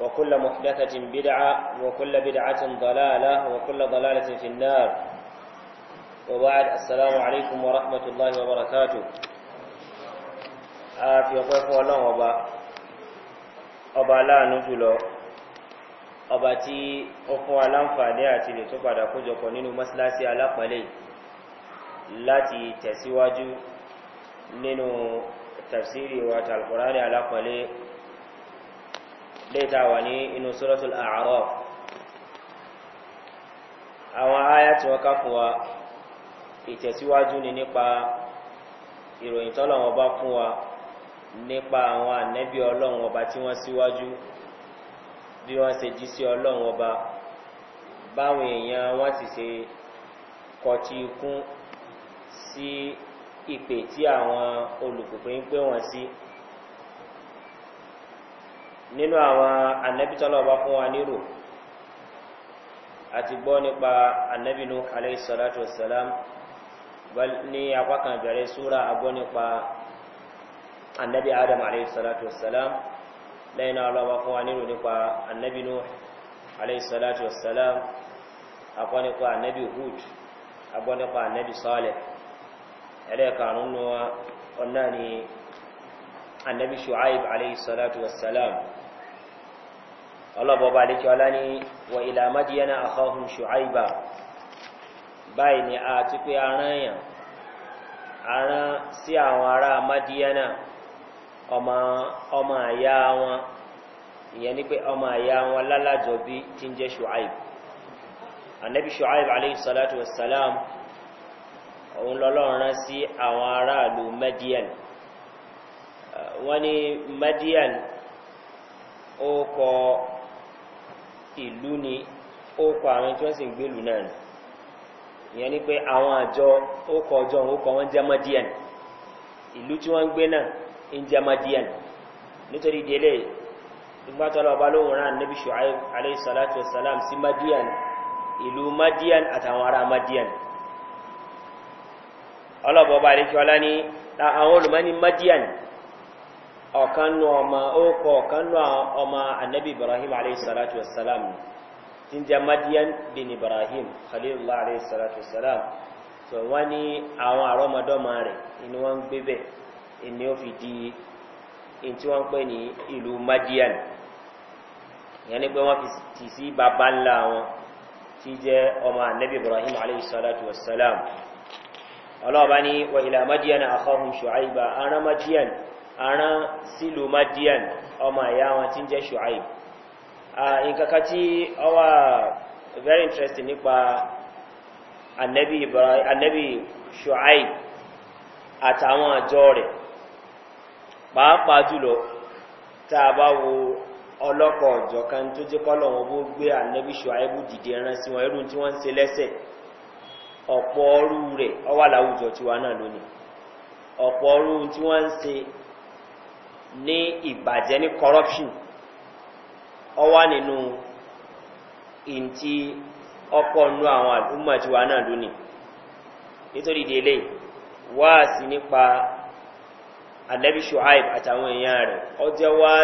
وكل محدثة بدعة وكل بدعة ضلالة وكل ضلالة في النار وبعد السلام عليكم ورحمة الله وبركاته آه، في وقف الله وبا أبا لا نزل أبا تي أقوى لام فانية تي توبا دكو جوكونينو مسلا سي على قلي لا تي تسيواجو نينو تفسيري وات القرآن على قلي léta wà ní inú sọ́lọ́tún àárọ̀ àwọn aya tí wọ́n ká fún wa ìtẹ̀síwájú ni nípa ìròyìn tọ́lọ̀wọ́n bá fún wa nípa àwọn ànẹ́bí ọlọ́run ọba tí wọ́n síwájú bí wọ́n ṣe jí sí ọlọ́run ọba báwọn èèyàn wọ́n sì ṣe kọtí ikún sí ìpè tí àwọn olùpùpù ń pè wọ́n sí. Si nínú àwọn anabitọ́lọ̀ ọba fún wa nírò àti gbọ́ nípa anabinu aleyhisalatu wasalam ní apákan ìbẹ̀rẹ̀ súra agbọ́ nípa anabi adam aleyhisalatu wasalam lẹ́yìn náà ọlọ́ba fún wa nírò nípa anabinu aleyhisalatu wasalam agbọ́ nípa anabi hud agbọ́ nípa anabi sọ́ọ̀lẹ̀ ẹlẹ́ẹ̀kanún náà ọ̀nà ni anabi shu'aib aleyhisalatu الله àdékí ọlá ní وإلى ilà amájíyánà شعيبا ṣùáìbà báyìí ni أنا ti pé أما أما sí àwọn ará amájíyánà ọmọ àyá wọn ìyẹn ni pé ọmọ àyá wọn lálàjọ bí tí ń jẹ́ ṣùáìb anabi ṣùáìb aleyhisalatu wasalam òun lọ́lọ́run sí àwọn aráàlú median wọ́n ní median ó kọ́ ìlú ni ó kọ àwọn tí wọ́n sì ń gbèlú náà ni ìyẹn ni pé àwọn àjọ ó kọ ọjọ́ òun ó kọ wọ́n jẹ́mọ́díẹ̀n ìlú tí wọ́n ń gbé náà ń jẹ́mọ́díẹ̀n nítorí délé ìgbàtọ́lọ̀ ọba lóhun rán níbi ṣùgbọ́n aláìsàlátù salam ọ̀kanú ọmọ ókọ ọ̀kanú ọmọ anabi ibrahim aleyhisalatu wasalam ni tí ń jẹ madian bin ibrahim khalilullah aleyhisalatu wasalam so wọ́n ní àwọn àrọ́mọdọ́mọ rẹ̀ inú wọn ń gbé bẹ̀ ni ó fi di in tí wọ́n ń pè ní ìlú madian ìyẹn ni pé wọ́n fi tì sí bàbá ńlá wọn tí jẹ́ ọmọ anabi ibrahim aleyhisalatu wasalam ọlọ́ọ̀bá ní wà madian àkọ́hùn ṣùáìbà ara madian arán sílùú madian ọmọ ìyá wọn tí ń jẹ́ ṣùáì nkankan tí ọ wà very interesting nípa anabi ṣùáì àtàwọn àjọ rẹ̀ pàápàá jùlọ tá a bá wo ọlọ́pọ̀ ọ̀jọ̀ kan tó jẹ́ kọ́lọ̀ wọn bó gbé anabi ṣùáì bú dìde ẹran sí wọn irú tí wọ́n ń se lẹ́sẹ̀ ọ̀pọ̀ ọrú rẹ̀ ọwà láwùjọ tiwa náà lónìí ọ̀pọ̀ ọrú tí wọ́n ń se ní ìbàjẹ́ ní corruption ọ wá nínú ìntí ọpọ̀ nú àwọn àdúmọ̀ tí wà náà lónìí nítorí délé nípa shuaib àtàwọn èèyàn rẹ̀ ọ jẹ́ wá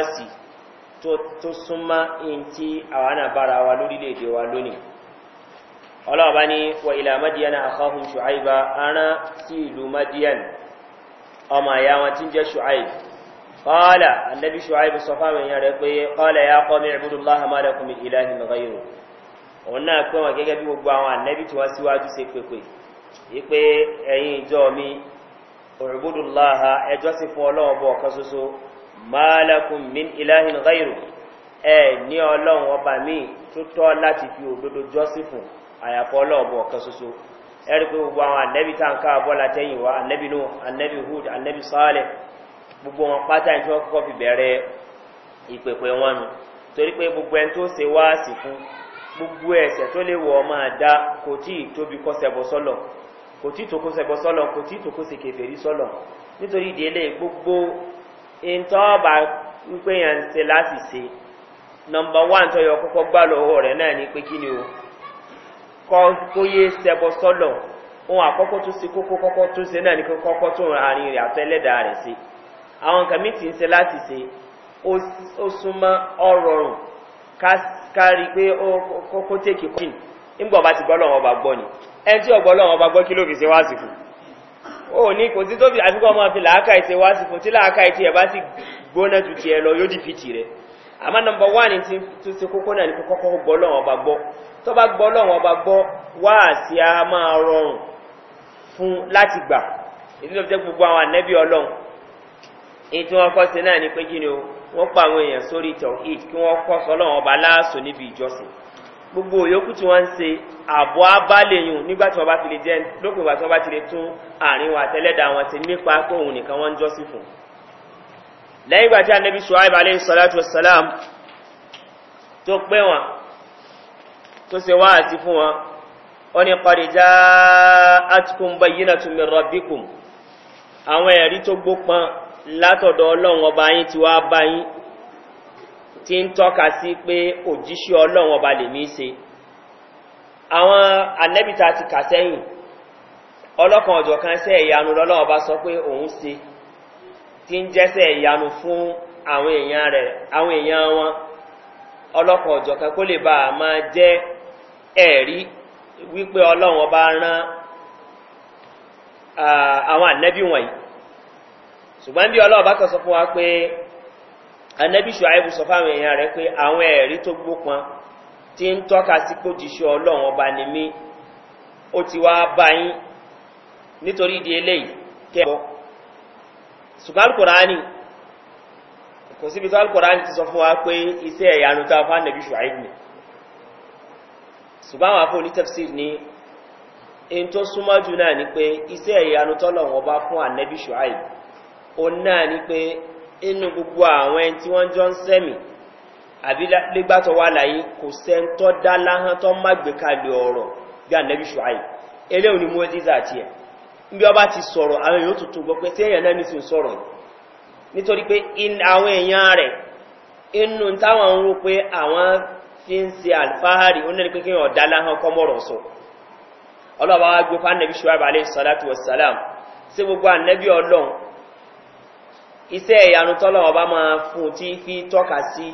tó súnmá ìntí àwọn àbára wa lórílẹ̀-èdè wa lónìí ọlọ́ọ̀bá ní wà madiana sí ìlú madian ọmọ àyà wọn tí ń jẹ́ قال النبي شعيب الصفا من يرقي قال يا قوم اعبدوا الله ما لكم من اله غيره òun náà pé wọn gẹ́gẹ́ bí gbogbo àwọn ànẹ́bí tí wọ́n síwájú sí pépè wípé ẹ̀yin ìjọ mi òrùbùdùláha ẹjọ́ sí fún ọlọ́run bọ̀ ọ̀kan ṣoṣo málàkùn min ìláhìn gáìrò ẹ ní ọlọ́run ọba míì tó tọ́ láti fi òdodo jọ́ sí fún àyàfọ́ ọlọ́run bọ̀ ọ̀kan ṣoṣo ẹ rí pé gbogbo àwọn ànẹ́bí tá à ń ká àbọ́lá tẹ́yìn wá ànẹ́bí nù ànẹ́bí hood ànẹ́bí sọ́ọ̀lẹ̀ gbogbo wọn pátá nke ọkọkọ wọn kọkọ fi bẹrẹ ìpèpè wọn nù torí gbogbo ẹni tó ṣe wá sí fún gbogbo ẹsẹ tó lè wọ ọmọ àdá kò tí sọlọ kò tí sọlọ kò tí ì tó sọlọ nítorí gbogbo wípé yẹn ń ṣe láti ṣe nọmba wán tó yọ kọ́kọ́ gbà lọ́wọ́ ni o kọ́ kó sọlọ ohun àkọ́kọ́ tó ṣe kókó kọ́kọ́ tó ṣe náà ni tó àwọn nǹkan míì ti ń ṣe láti ṣe ó súnmọ́ ọrọ̀rùn kárí pé kó tèkì kọ́ìn nígbà ọba ti gbọ́lọ́wọ́ ọba gbọ́ ni ẹni tí ọgbọ́lọ́wọ́ ọba gbọ́ kí ló fi ṣe wáàsì fún ó ní kò sí tó fi àfikọ́ ọmọ fi làákà ìṣe wáàsì fún tí làákà ìṣe ẹ̀ bá sì gbóná ju tiẹ̀ lọ yóò dìfì tì rẹ̀ àmọ́ nọmba wá ní tí tó ṣe kókó náà ní kókó gbọ́ lọ́wọ́ ọba gbọ́ tó bá gbọ́ lọ́wọ́ ọba gbọ́ wáàsì a máa rọrùn fún láti gbà ìdílé fi gbogbo àwọn ànẹ́bí ọlọ́run èyí tí wọ́n kọ́ sí náà ni pé kí ni o wọ́n pa àwọn èèyàn sórí ìtàn eid kí wọ́n kọ́ sọ́lọ́wọ́n ọba láàsọ níbi ìjọsìn gbogbo òyòkú tí wọ́n ń se àbọ̀ abálẹ̀yìn nígbà tí wọ́n bá ti lè jẹ́ lópin ìgbà tí wọ́n bá ti lè tún àárín wọn àtẹ́lẹ́dà wọn ti nípa pé òun nìkan wọ́n ń jọ́sìn fún. lẹ́yìn ìgbà tí anabi suhaib aleyhi salatu salam tó pé wọn tó se wá àti fún wọn ó ní kọ́díjà atukun bayyina tumi rọ́bíkùn àwọn ẹ̀rí tó gbópọn látọ̀dọ̀ ọlọ́run ọba yín ti wá bá yín ti ń tọ́ka sí pé òjíṣẹ́ ọlọ́run ọba lè mí ṣe àwọn anẹ́bìta ti kà sẹ́yìn ọlọ́kan ọ̀jọ̀ kan sẹ́ ìyanu lọ́lọ́run ọba sọ pé òun ṣe ti ń jẹ́sẹ̀ ìyanu fún àwọn èèyàn rẹ̀ àwọn èèyàn wọn ọlọ́kan ọ̀jọ̀ kan kó lè bá a máa jẹ́ ẹ̀rí wípé ọlọ́run ọba rán àwọn anẹ́bí wọ̀nyí ṣùgbọ́n bí ọlọ́ọ̀bá kan sọ fún wa pé anabi ṣùáìbù sọ fáwọn èèyàn rẹ pé àwọn ẹ̀rí tó gbópọn tí ń tọ́ka sí pójíṣẹ́ ọlọ́run ọba ni mí ó ti wá bá yín nítorí ìdí eléyìí kẹ́ẹ̀bọ́ ṣùgbọ́n alukùránì kò síbi tó alukùránì ti sọ fún wa pé iṣẹ́ ìyanu tá a fún anabi ni ṣùgbọ́n àwọn afọ onítẹ̀fsì ni èyí tó súnmọ́ jù náà ni pé iṣẹ́ ìyanu tọ́lọ́run ọba fún anabi ṣùáìbù òun náà ni pé inú gbogbo àwọn ẹni tí wọ́n jọ ń sẹ́mì àbí lẹ́gbàtọ̀ wà láyé kò sẹ́ńtọ́ dá láhán tó má gbé kalẹ̀ ọ̀rọ̀ bí ànẹ́bí ṣùáyì eléyìí ni moses àti ẹ̀ níbi ọba ti sọ̀rọ̀ àwọn èèyàn tuntun gbọ́ pé tí èèyàn náà ní sí sọ̀rọ̀ yìí nítorí pé àwọn èèyàn rẹ̀ inú táwọn ń rò pé àwọn fi ń se alfahari ó nẹ́ni pé kí wọ́n dá láhán kọ́mọ̀rọ̀ ànẹ́bí ṣùáyì iṣẹ́ ìyanu tọ́lọ́wọ́ ọba máa fún tí fi tọ́ka sí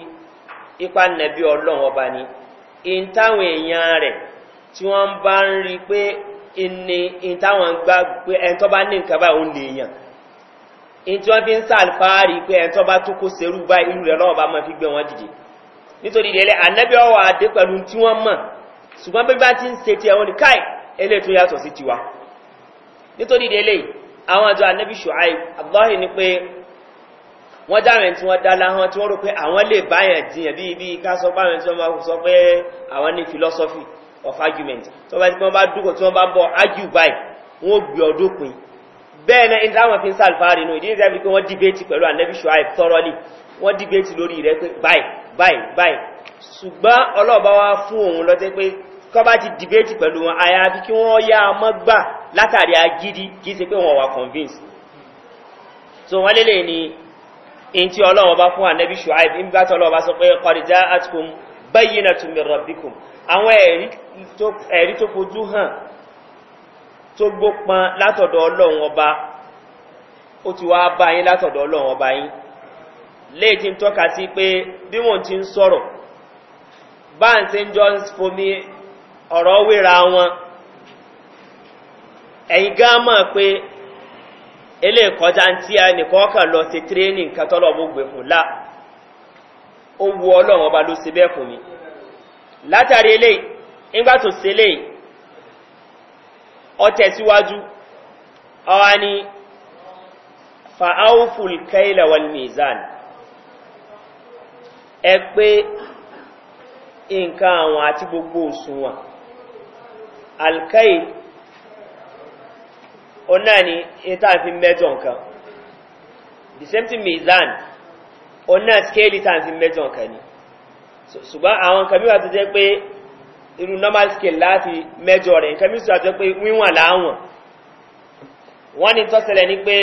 ipa nẹ̀bí ọlọ́wọ́ ọba ni in táwọn èèyàn rẹ̀ tí wọ́n bá ń rí pé ní in táwọn gbá pé ẹ̀ntọ́ bá ní nǹkan báyìí ó lè in tí wọ́n fi ń sàlfàárì pé ẹ̀ntọ́ bá tó kó serú bá rẹ̀ lọ́wọ́ bá máa fi gbé wọn dìde nítorí ìdẹ́lẹ̀ ànẹ́bí ọwọ́ adé pẹ̀lú tí wọ́n mọ̀ ṣùgbọ́n bí bá ti ń ṣe ti ẹ̀wọ̀n ní káì eléyìí yàtọ̀ sí tiwa nítorí àwọn àjọ ànẹ́bí ṣùháì ni pé wọ́n dáhùn tí wọ́n dá láhán tí wọ́n rò pé àwọn lè báyàn jiyàn bí ibi ká sọ pé àwọn tí wọ́n máa sọ pé àwọn ní philosophy of argument tí wọ́n bá ti wọ́n bá dúkọ̀ tí wọ́n bá ń argue by wọ́n gbé ọdún pin bẹ́ẹ̀ náà ní táwọn fi ń sàlùfáàrí nù ìdí ìdájọ́ pé wọ́n dìbẹ́tì pẹ̀lú anabi shuaib thoroughly wọ́n dìbẹ́tì lórí rẹ̀ pé báyìí báyìí báyìí ṣùgbọ́n ọlọ́ọ̀bá wá fún òun lọ́tẹ́ pé kọ́ bá ti dìbẹ́tì pẹ̀lú wọn àyàbí kí wọ́n yá ọmọ gbà látàrí agídí kìí ṣe pé wọ́n wà convince so wọ́n lélẹ̀ ni in ti ọlọ́wọ́ bá fún ànẹ́bí ṣùáìb nígbà tí ọlọ́wọ́ bá sọ pé kọ̀dìjá àtìkùn bẹ́yìn náà tún mi rọ̀bìkùn àwọn ẹ̀rí tó fojú hàn tó gbópan látọ̀dọ̀ ọlọ́wọ́ ọba ó ti wá bá yín látọ̀dọ̀ ọlọ́wọ́ ọba yín léè ti ń gá mọ̀ pé ilé ìkọjá tí a nìkan kàn lọ ti tírénì nǹkan tọ́lọ̀ bó gbé fún lá ó wu ọlọ́run ọba ló ṣe bẹ́ẹ̀ fún mi látàrí ilé ìgbà tó ṣe lé ọtẹ̀ síwájú ni fa'auful kaila wal mizan ẹ pé nǹkan àwọn àti gbogbo òṣùwọ̀n alkail Onani náà ni ìta fi mẹ́jọ nǹkan the same thing mizan ona náà scale ìta fi mẹ́jọ nǹkan ni ṣùgbọ́n àwọn nǹkan mìíràn tó jẹ́ pé irú normal scale láti mẹ́jọ rẹ̀ nǹkan mìíràn tó pé wíwọ̀n láwọn wọ́n ni tọ́sẹ̀lẹ̀ ni pé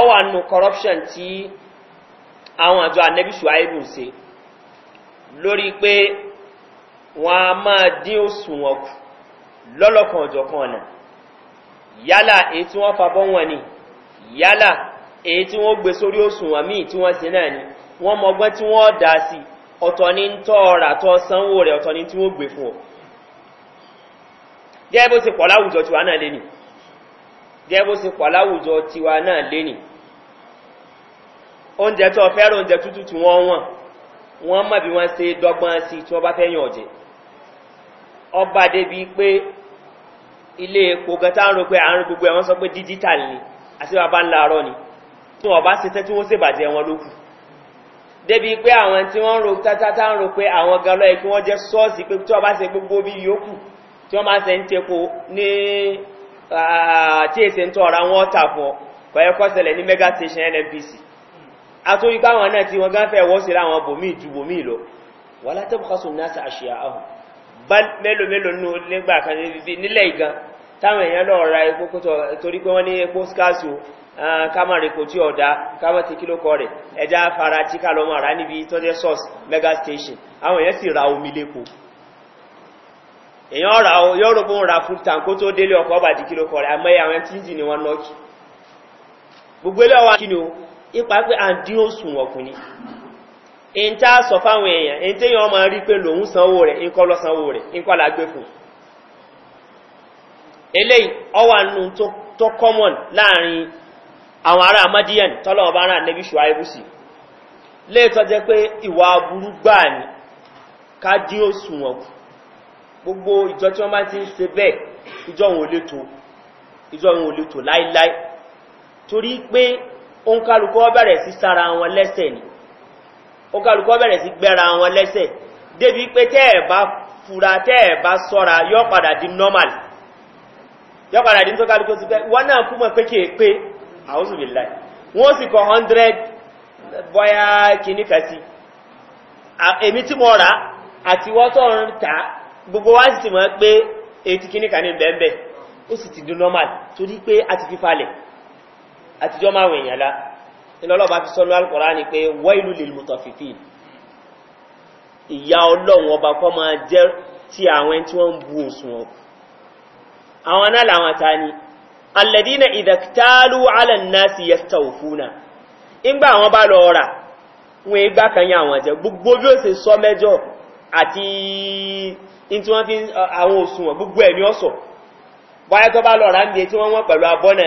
ọwà nù corruption tí àwọn àjọ anẹ́bíṣù àìbù se lórí pé wọ́n a máa dín òsùnwọ̀n kù lọ́lọ́kan ọ̀jọ̀kan náà yálà èyí tí wọ́n fabọ́ wọn ni yálà èyí tí wọ́n gbé sórí òṣùwọ̀n míì tí wọ́n ti náà ni wọ́n mọgbọ́n tí wọ́n dá sí ọ̀tọ̀ ní tọ́ ọ̀rà tọ́ sanwó rẹ̀ ọ̀tọ̀ ní tí wọ́n gbé fún ọ. gẹ́gẹ́ bó ti pọ̀ láwùjọ tiwa náà lé nì oúnjẹ tó fẹ́ràn oúnjẹ tútù tí wọ́n wọ̀n wọ́n mọ̀ bí wọ́n ṣe dọ́gbọ́n sí tí wọ́n bá fẹ́ yàn ọba débi pé ilé epo gẹta ń ro pé àárín gbogbo ẹ̀wọ́n sọ pé digital ni àti bàbá ńlá arọ́ ni tí wọ́n bá ṣe tẹ́ tí wọ́n ṣèbàjẹ́ wọn lókù débi pé àwọn tí wọ́n ń ro tátátá ń ro pé àwọn galọ́ ẹ̀ kí wọ́n jẹ́ sọ́ọ̀sì pé tí wọ́n bá ṣe gbogbo bí yòókù tí wọ́n bá ṣe ń tepo ní tí èsè ń tọ́ra wọn tàpọ̀ pẹ̀lú kọ́sẹ̀lẹ̀ ní mega station nnpc ba mélòó nù nígbà kan nílẹ̀ ìgan táwọn èèyàn lọ ra epo kó torí pé wọ́n ní epo skasu kámà tí ọ̀dá kí ló kọ́ rẹ̀ ẹja fara tí ká níbi tọ́jẹ́ mega àwọn èèyàn ra omi lépo èèyàn ra yóò ra full kó tó délé ọkọ̀ di kí ló kọ́ rẹ̀ àmọ́ ni in ta sọ fáwọn èèyàn in tí yọ ma rí pé lòun sanwó rẹ̀ in kọ́ lọ sanwó rẹ̀ in kọ́ lágbé fún ọwà nù tó common láàrin àwọn ará madian tọ́lọ̀ ọba ará nẹ́bí ṣùgbọ́n ibùsì léètọ́ jẹ́ pé ìwà burú gbáà ní gbogbo ìjọ tí wọ́n bá ti ń se bẹ́ẹ̀ ìjọ ó kálukọ́ bẹ̀rẹ̀ sí gbẹ́ra wọn lẹ́sẹ̀ débi pé tẹ́ẹ̀ bá fura tẹ́ẹ̀ bá sọ́ra yọ́ padà di normal yọ́ padà di tó kálukọ́ ti pẹ́ wọ́n náà kú mọ̀ pé kí è pé àwọ́sùnbìlá wọ́n sì kọ 100 bọ́yá kìíníkà èmi tí mo rà àti wọ́n ta gbogbo wá sì mọ̀ pé ètí kìíníkà ní bẹ́ẹ̀ normal torí pé a ti fi falẹ̀ àtijọ́ la ìlọ́lọ́ba fi sọ́nà alukọ̀rá ni pé wọ́ìlú lè mutọ̀ fìfì ìyá ọlọ́run ọba kọ́ máa jẹ́ ti àwọn ẹni tí wọ́n ń bu òṣùwọ̀n àwọn náà làwọn ta ni alẹ́dínà ìdàkítàlù alẹ́nàásì yẹ́sítà òfúnà ńgbà àwọn bá lọ rà wọn ìgbà kan yá àwọn jẹ gbogbo bí ó ṣe sọ mẹjọ àti tí wọ́n fi àwọn òṣùwọ̀n gbogbo ẹ̀mí ọ̀sọ̀ báyẹ̀ tó bá lọ rà ń bíi tí wọ́n wọ́n pẹ̀lú abọ́ ni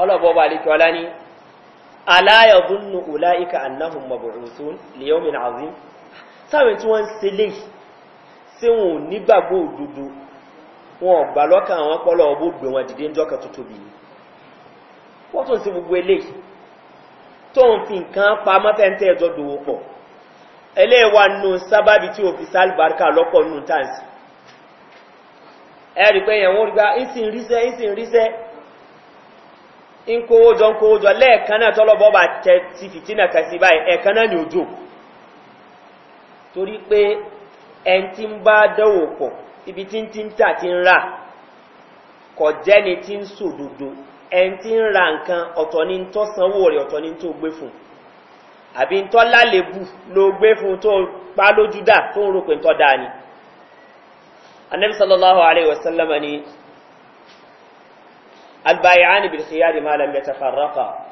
ọlọ́bọ̀ bá lè kíọ́lá ní aláyọ̀dúnnù ọláìka annahun maburusun leomin azim sáwọn tí wọ́n ń se lè sí wọn nígbàgbó òdúdó wọn ọ̀gbà lọ́kà àwọn pọ́lọ̀ ọbó gbé wọn dìde ń jọ́kà tuntun bí wọ́n tún sí gbogbo eléyìí tó ń fi nǹkan pa mọ́tẹ́ntẹ́ ẹjọ́ dòwò pọ̀ ẹlẹ́wà nù sábàbí tí ò fi sálùbáríkà lọ́pọ̀ nù táǹsì ẹ̀rì pé ẹ̀wọ̀n rí gbá ìsìn ríṣẹ́ ìsìn ríṣẹ́ ń kówó jọ ń kówó jọ lẹ́ẹ̀kan náà tọ́lọ́bọ́ bá tẹ ti báyìí ẹ̀ẹ̀kan ni torí pé ẹn tí ń bá dẹ́wò pọ̀ ibi tí ń tí ń tà tí ń rà kọ̀ jẹ́ni tí ń ẹn tí ń ra nǹkan ọ̀tọ̀ ni tó sanwó rẹ̀ ọ̀tọ̀ ni tó gbé fún àbí ń tọ́ lálébù ló gbé fún tó pa ni anabi sallallahu alayhi wa البايعان بالخيار ما لم يتفرقا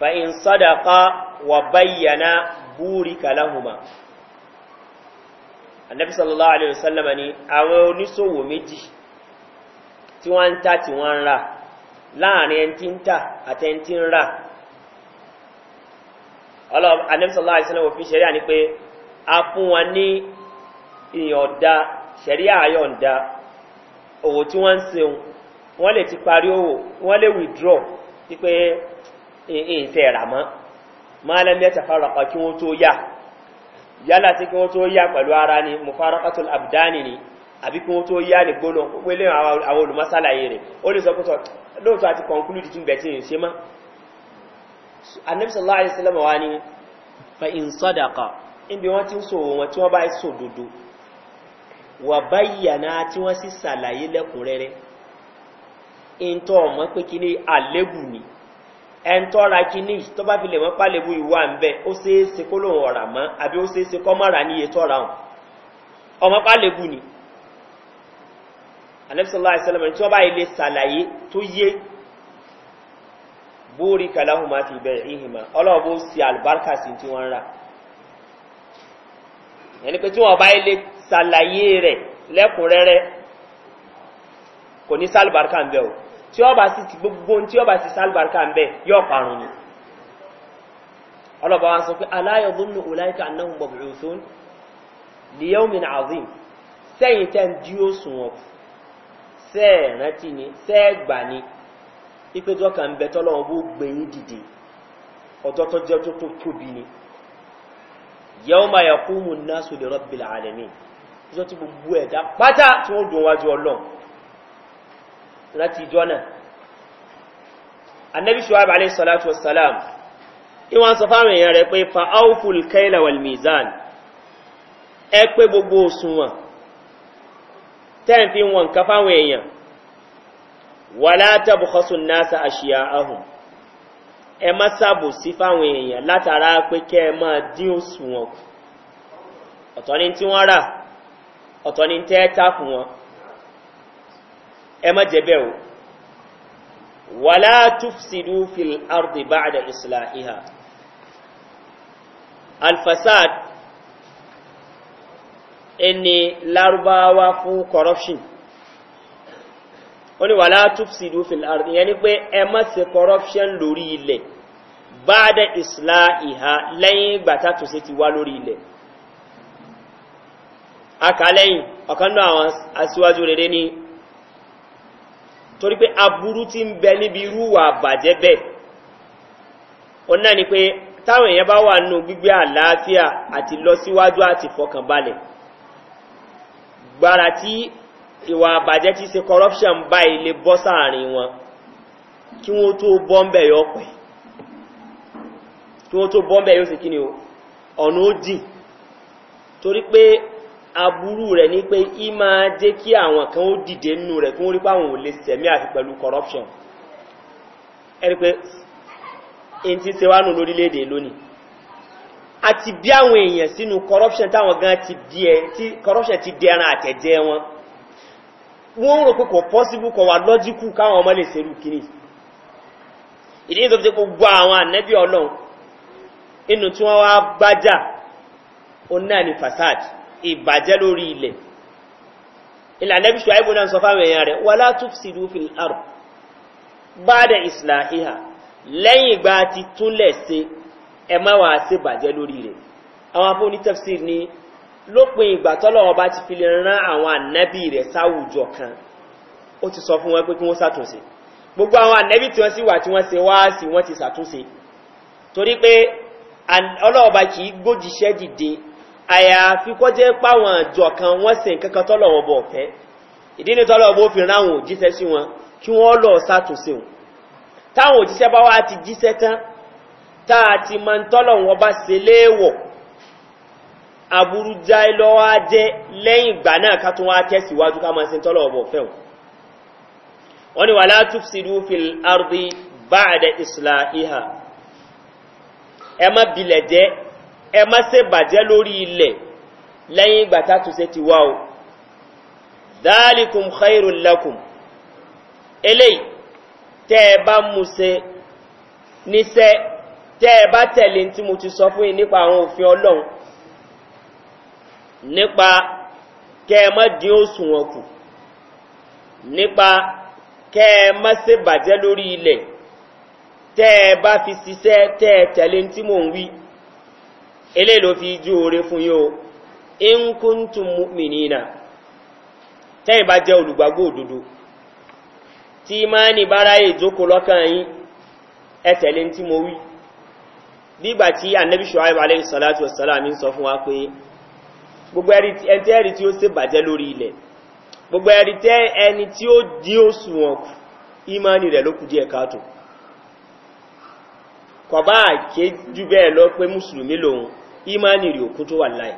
فإن صدقا وبينا بورك لهما النبي صلى الله عليه وسلم ni àwọn oníṣòwò méjì tí wọ́n ń ta tí wọ́n ń ra láàrin ẹni tí ń ta àti ẹni tí ń ra Ànábì sallallahu alaihi wasallam òfin ṣẹ̀ríà ni pé a fún wọn ní ìyọ̀ǹda ṣẹ̀ríà ayọ̀ǹda òwò tí wọ́n ń seun wọ́n lè ti parí owó wọ́n lè withdraw wípé èyí tẹ̀ rà mọ́ máa lẹ́mí ẹ̀tà farapa kí wọ́n tó yá yálà tí kí wọ́n tó yá pẹ̀lú ara ni mufarapatul abdani ni àbí kí wọ́n tó yá ní gbóná wẹ́lẹ́ àwọn olùmọ́sálàyé rẹ̀ ó lè sọ pé sọ àti conclude tún bẹ̀ tí ń ṣe mọ́ anẹ́bísọ̀lá àìsílẹ̀mọ̀ wa fa in sọ́dàkà níbi wọ́n ti ń sòwò wọn tí wọ́n bá sòdodo wà báyìí ìntọ́ ọmọ pé àlébù ni ẹ̀ntọ́ ra kíní tó bá fi lè mọ́ pálébù ìwà ń bẹ́ ó ṣeé ṣe kó lòun ọ̀rà mọ́ àbí ó ṣeé ṣe kọ́ mọ́ra ní iye tọ́ra hàn ọmọ pálébù ni alẹ́sọ̀lá ìsẹ́lẹ̀mọ̀ tí wọ́n bá ilé ṣàlàyé tó yé máa fi bẹ̀rẹ̀ ìhìnmá sí àlùbáríkà sí tí wọ́n ń rà ẹni pé tí wọ́n bá ilé rẹ̀ lẹ́kùnrẹ́rẹ́ kò ní ń bẹ̀ o tí ọba sì ti gbogbo tí ọba sì sálùbáríkà ń bẹ yóò parun ni ọlọ́ba wa sọ pé aláyọ̀dúnnù ọláìkà anáhùn bọ̀bùrù òṣùn liyomin azim sẹ́yìn tẹ́ ń dí ó sùn wọn sẹ́ẹ̀ rántí ni sẹ́ẹ̀ gbà ni ìpéjọ kan bẹ tọ́lọ́wọ́n láti ìjọ náà annabi shu'aib alayhi salatu wassalam in wọn sọ fáwọn èèyàn rẹ pé fa'auful kaila wal mizan ẹ pé gbogbo òsùnwọ̀n tẹ́ẹ̀ fi wọn ká fáwọn èèyàn wà látàbù kọsùn nasa àṣìyà ahùn ẹ má sábò sí fáwọn èèyàn látara pé kẹ́ ẹ dín òsùnwọ̀n kù tí wọ́n rà ọ̀tọ̀ ni wọn ẹ má jẹ bẹ́ẹ̀ o wàlá tufsidu fil ardi ba'da islahiha alfasad ẹni larubawa fún corruption ó ní wàlá tufsidu fil ardi yẹn ni pé ẹ má corruption lórí ilẹ̀ báadẹ ìsìlá ìhà lẹ́yìn gbàtà tó sí ti wá lórí ilẹ̀ akàlẹ́yìn ọ̀kan náà àwọn asíwájú rere ní torí pé aburú ti ń bẹ níbi irú wà bàjẹ́ bẹ́ẹ̀ òun náà ni pé táwọn èèyàn bá wà nù gbígbé àlàáfíà àti lọ síwájú àti fọkànbalẹ̀ gbára tí ìwà àbàjẹ́ ti se corruption bá ilé bọ́ sáàrin wọn kí wọ́n tó bọ́m̀bẹ̀ yọ pẹ̀ kí wọ́n tó bọ́m̀bẹ̀ yóò sì kí ni ọ̀nà ó dì torí pé aburú rẹ̀ ní pé í máa jẹ́ kí àwọn kan ó dìde nínú rẹ̀ fún orípa àwọn olè sẹ̀mí àti pẹ̀lú corruption ẹni pé in ti se wánú lórílẹ̀-èdè lónìí àti bí àwọn èèyàn sínú corruption táwọn gan ti di ẹ tí corruption ti di ẹran àtẹ̀jẹ́ wọn wọ́n rò pé kò possible kò wà lọ́jíkù káwọn ọmọ lè serú kiri ìdí ní tó fi gbogbo àwọn ànẹ́bí ọlọ́run inú tí wọ́n wá bájà ó náà ní fasad ìbàjẹ́ lórí ilẹ̀ ìlànà bí ṣùgbọ́n ìbùnà sọ fáwọn èèyàn rẹ̀ wọlá tó sì lú fi àrùn bá dẹ̀ ìsìlá ìhà lẹ́yìn ìgbà ti túnlẹ̀ se ẹ má wàá sí ìbàjẹ́ lórí rẹ̀ àwọn afọ́ni tefsir ni lópin ìgbà tọ́lọ̀ ọba ti fi lè rán àwọn ànábì rẹ̀ torí pé ọlọ́ọ̀ba kì í dìde àyàfi kọjẹ́ páwọn àjọ kan wọ́n sì kankan tọ́lọ̀wọ̀ bọ̀ fẹ́ ìdí ni tọ́lọ̀wọ̀ fi ráwọn òjíṣẹ́ sí wọn kí wọ́n lọ sàtúnṣe wọn táwọn òjíṣẹ́ bá wá ti jíṣẹ́ tán tá a ti máa ń tọ́lọ̀wọ̀ bá se léèwọ̀ aburujá e lọ́wọ́ jẹ́ lẹ́yìn ìgbà náà ká tún wá tẹ̀síwájú ká máa se tọ́lọ̀wọ̀ bọ̀ fẹ́ wọn wọ́n bilẹ̀ jẹ́ ẹ má ṣe bàjẹ́ lórí ilẹ̀ lẹ́yìn ìgbà tátúnṣe ti wá o dáàlìkùn khairun lakum eléyìí tẹ́ ẹ bá mú ṣe níṣẹ́ tẹ́ ẹ bá tẹ̀lé tí mo ti sọ fún nípa àwọn òfin ọlọ́run nípa kẹ́ ẹ má dín òṣùwọ̀n kù nípa kẹ́ ẹ má ṣe bàjẹ́ lórí ilẹ̀ tẹ́ ẹ bá fi ṣiṣẹ́ tẹ́ ẹ tẹ̀lé tí mò ń wí ilé ló fi jí oore fún yóò in kún tún mìnínà tẹ́yìn bá jẹ́ olùgbàgbó òdòdó tí máa ní bára ìjókò lọ́kàn yí ẹ̀tẹ̀lé tí mo wí nígbà tí annabi shu'aib alayhi salatu wassalam sọ fún wa pé gbogbo ẹni tí ó sì bàjẹ́ lórí ilẹ̀ gbogbo ẹni tí ó dí òsùwọ̀n ìmáni rẹ̀ ló kù díẹ̀ káàtó kọ̀bá àkéjú bẹ́ẹ̀ lọ pé mùsùlùmí lòun ìmánì ri òkú tó wà láì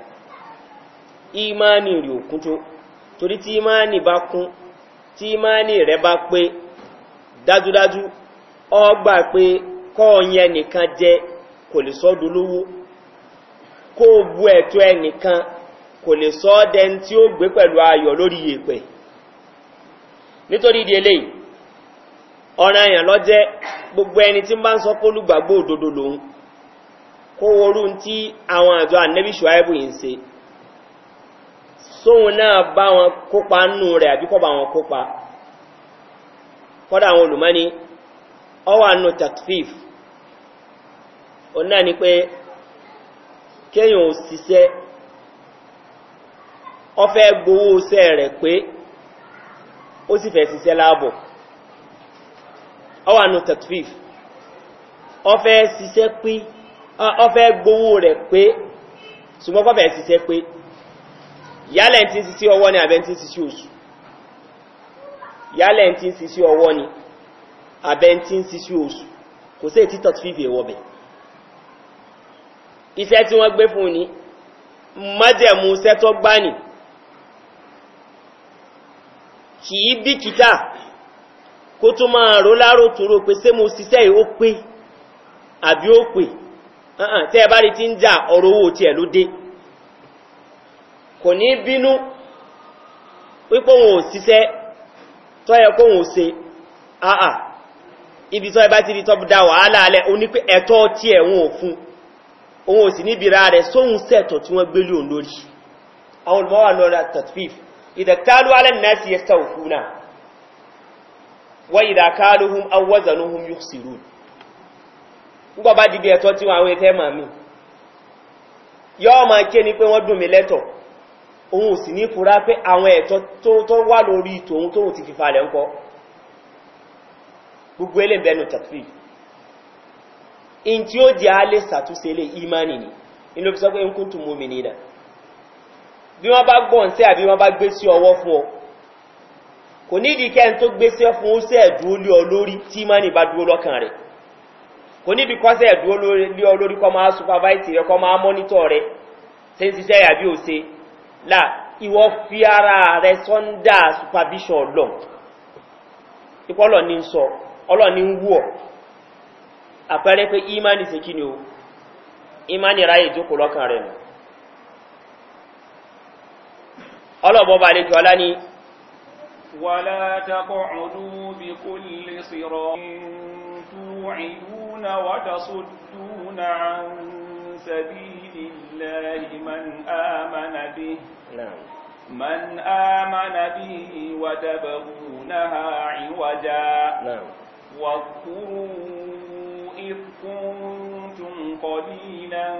ìmánì rí òkú tó torí tí ìmánì bá kún tí ìmánì rẹ bá pé dájúdájú ọgbà pé kọ́ ọyẹn jẹ kò lè sọ́dún lówó bu ẹ̀tọ́ ẹnìkan kò lè sọ gbogbo ẹni tí ń bá ń sọ kó worú tí àwọn àjọ ànẹ́bí ṣùáìbù yìí se sóhun náà bá wọn kópa nù rẹ̀ àbí wọn kópa kọ́dà àwọn olùmọ́ni ọwà nù tàtfíf o náà ni pé kéyàn ò gbowó sẹ́ rẹ̀ pé ó sì fẹ́ síṣẹ́ láàbọ̀ ọwà nù tàtfíf síṣẹ́ pín ọfẹ́ gbowó rẹ̀ pé ṣùgbọ́n fọ́fẹ́ ṣiṣẹ́ pé yálẹ̀ tí ń sisi ọwọ́ ni àbẹ́ tí ń sisi oṣù yálẹ̀ tí ń sisi ọwọ́ ni àbẹ́ tí ń sisi oṣù kò sí ètítọ̀ tí fífi ẹ̀wọ̀ bẹ̀ iṣẹ́ tí wọ́n gbé fún ni májẹ̀mú iṣẹ́ tó gbá ni kì í bìkítà kó tó máa rò lárò tó rò pé ṣé mo ṣiṣẹ́ yìí ó pé àbí ó pè. tẹ́ ẹ bá rí ti ń jà ọ̀rọ̀ owó tiẹ̀ ló dé kò ní bínú wípé òun ò ṣiṣẹ́ tọ́ yẹ kó àà ibi tọ́ ẹ bá ti rí tọ́ da wàhálà alẹ́ oní pé ẹ̀tọ́ tiẹ̀ òun ò fún òun ò sì níbi ra rẹ̀ sóhun sẹ̀tọ̀ tí wọ́n gbélé òun hum ńgbọ́ bá dìbì ẹ̀tọ́ tí wọn àwọn ẹ̀tẹ́ màá mi yọ́ ma ké ní pé wọ́n dùn mí lẹ́tọ̀ òun sì ní fura pé àwọn ẹ̀tọ́ tó wà lórí tòun tóun ti fìfà rẹ̀ ń kọ́ gbogbo ẹlẹ́ bẹnu tàfí in tí ó jẹ́ alẹ́ sàtúnṣe imani ni inú fi sọ pé nkún tún mú mi nínà bí wọ́n bá gbọ́n sí àbí wọ́n bá gbé sí ọwọ́ fún ọ kò nídìí kò níbi kọ́sẹ̀ dúró lé ọ kọ́ máa supervise rẹ kọ́ máa mọ́nítọ̀ rẹ ṣe ń ṣiṣẹ́ ìyàbí là ìwọ fi ara rẹ sọ́ndà supervision lọ ipò ọlọ́ni ń sọ ọlọ́ni ń wù ọ àpẹẹrẹ pé imani ṣe kí ni o imani ráyè jókòó lọ́kàn rẹ nù ọlọ́bọ̀ bá lè jọ ní. توعدون وتصدون عن سبيل الله من آمن به نعم. من آمن به وتبغونها عوجا نعم. واذكروا إذ كنتم قليلا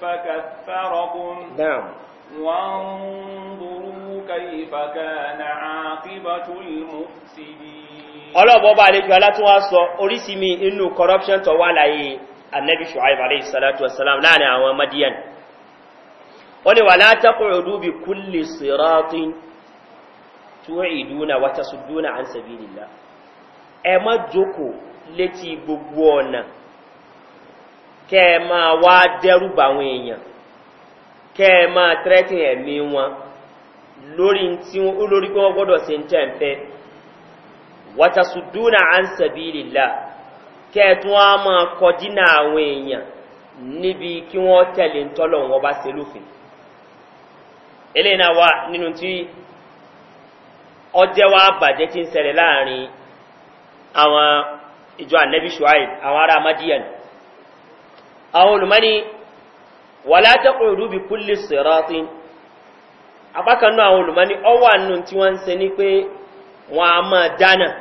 فكثركم نعم وانظروا كيف كان عاقبة المفسدين ọlọ́bọ̀ọ́bà àlejò alátúnwá sọ orísìí mi inú corruption tó wà láyé annabi shu'aib alayhi salatu wasalam láàrin àwọn madiyan ó ní wà látàkùrù bí kúlè siratin tuwa ìdúnà wata sùdúnà an gbogbo ẹ̀mí wọn lórí tí gbọ́dọ̀ sí ń tẹ́ ń wata sùdúnà à ń sàbílì là kẹ́ẹ̀tún á máa kọjínà àwọn èèyàn níbi kí wọ́n tẹ̀lé ńtọ́lọ̀ wọn bá ṣe lófin eléyìí náà wà nínú tí ọjẹ́ wa bàjẹ́ ti ń ṣẹlẹ̀ láàrin àwọn ìjọ ànẹ́bí ṣùáì àwọn ará madiyan àwọn olùmọ́ni wà látẹ́kùn ìrúbi kúlẹ̀ sèrọ́tì apákanú àwọn olùmọ́ni ọwọ́ àánú tí wọ́n ń se ní pé wọn a máa dáná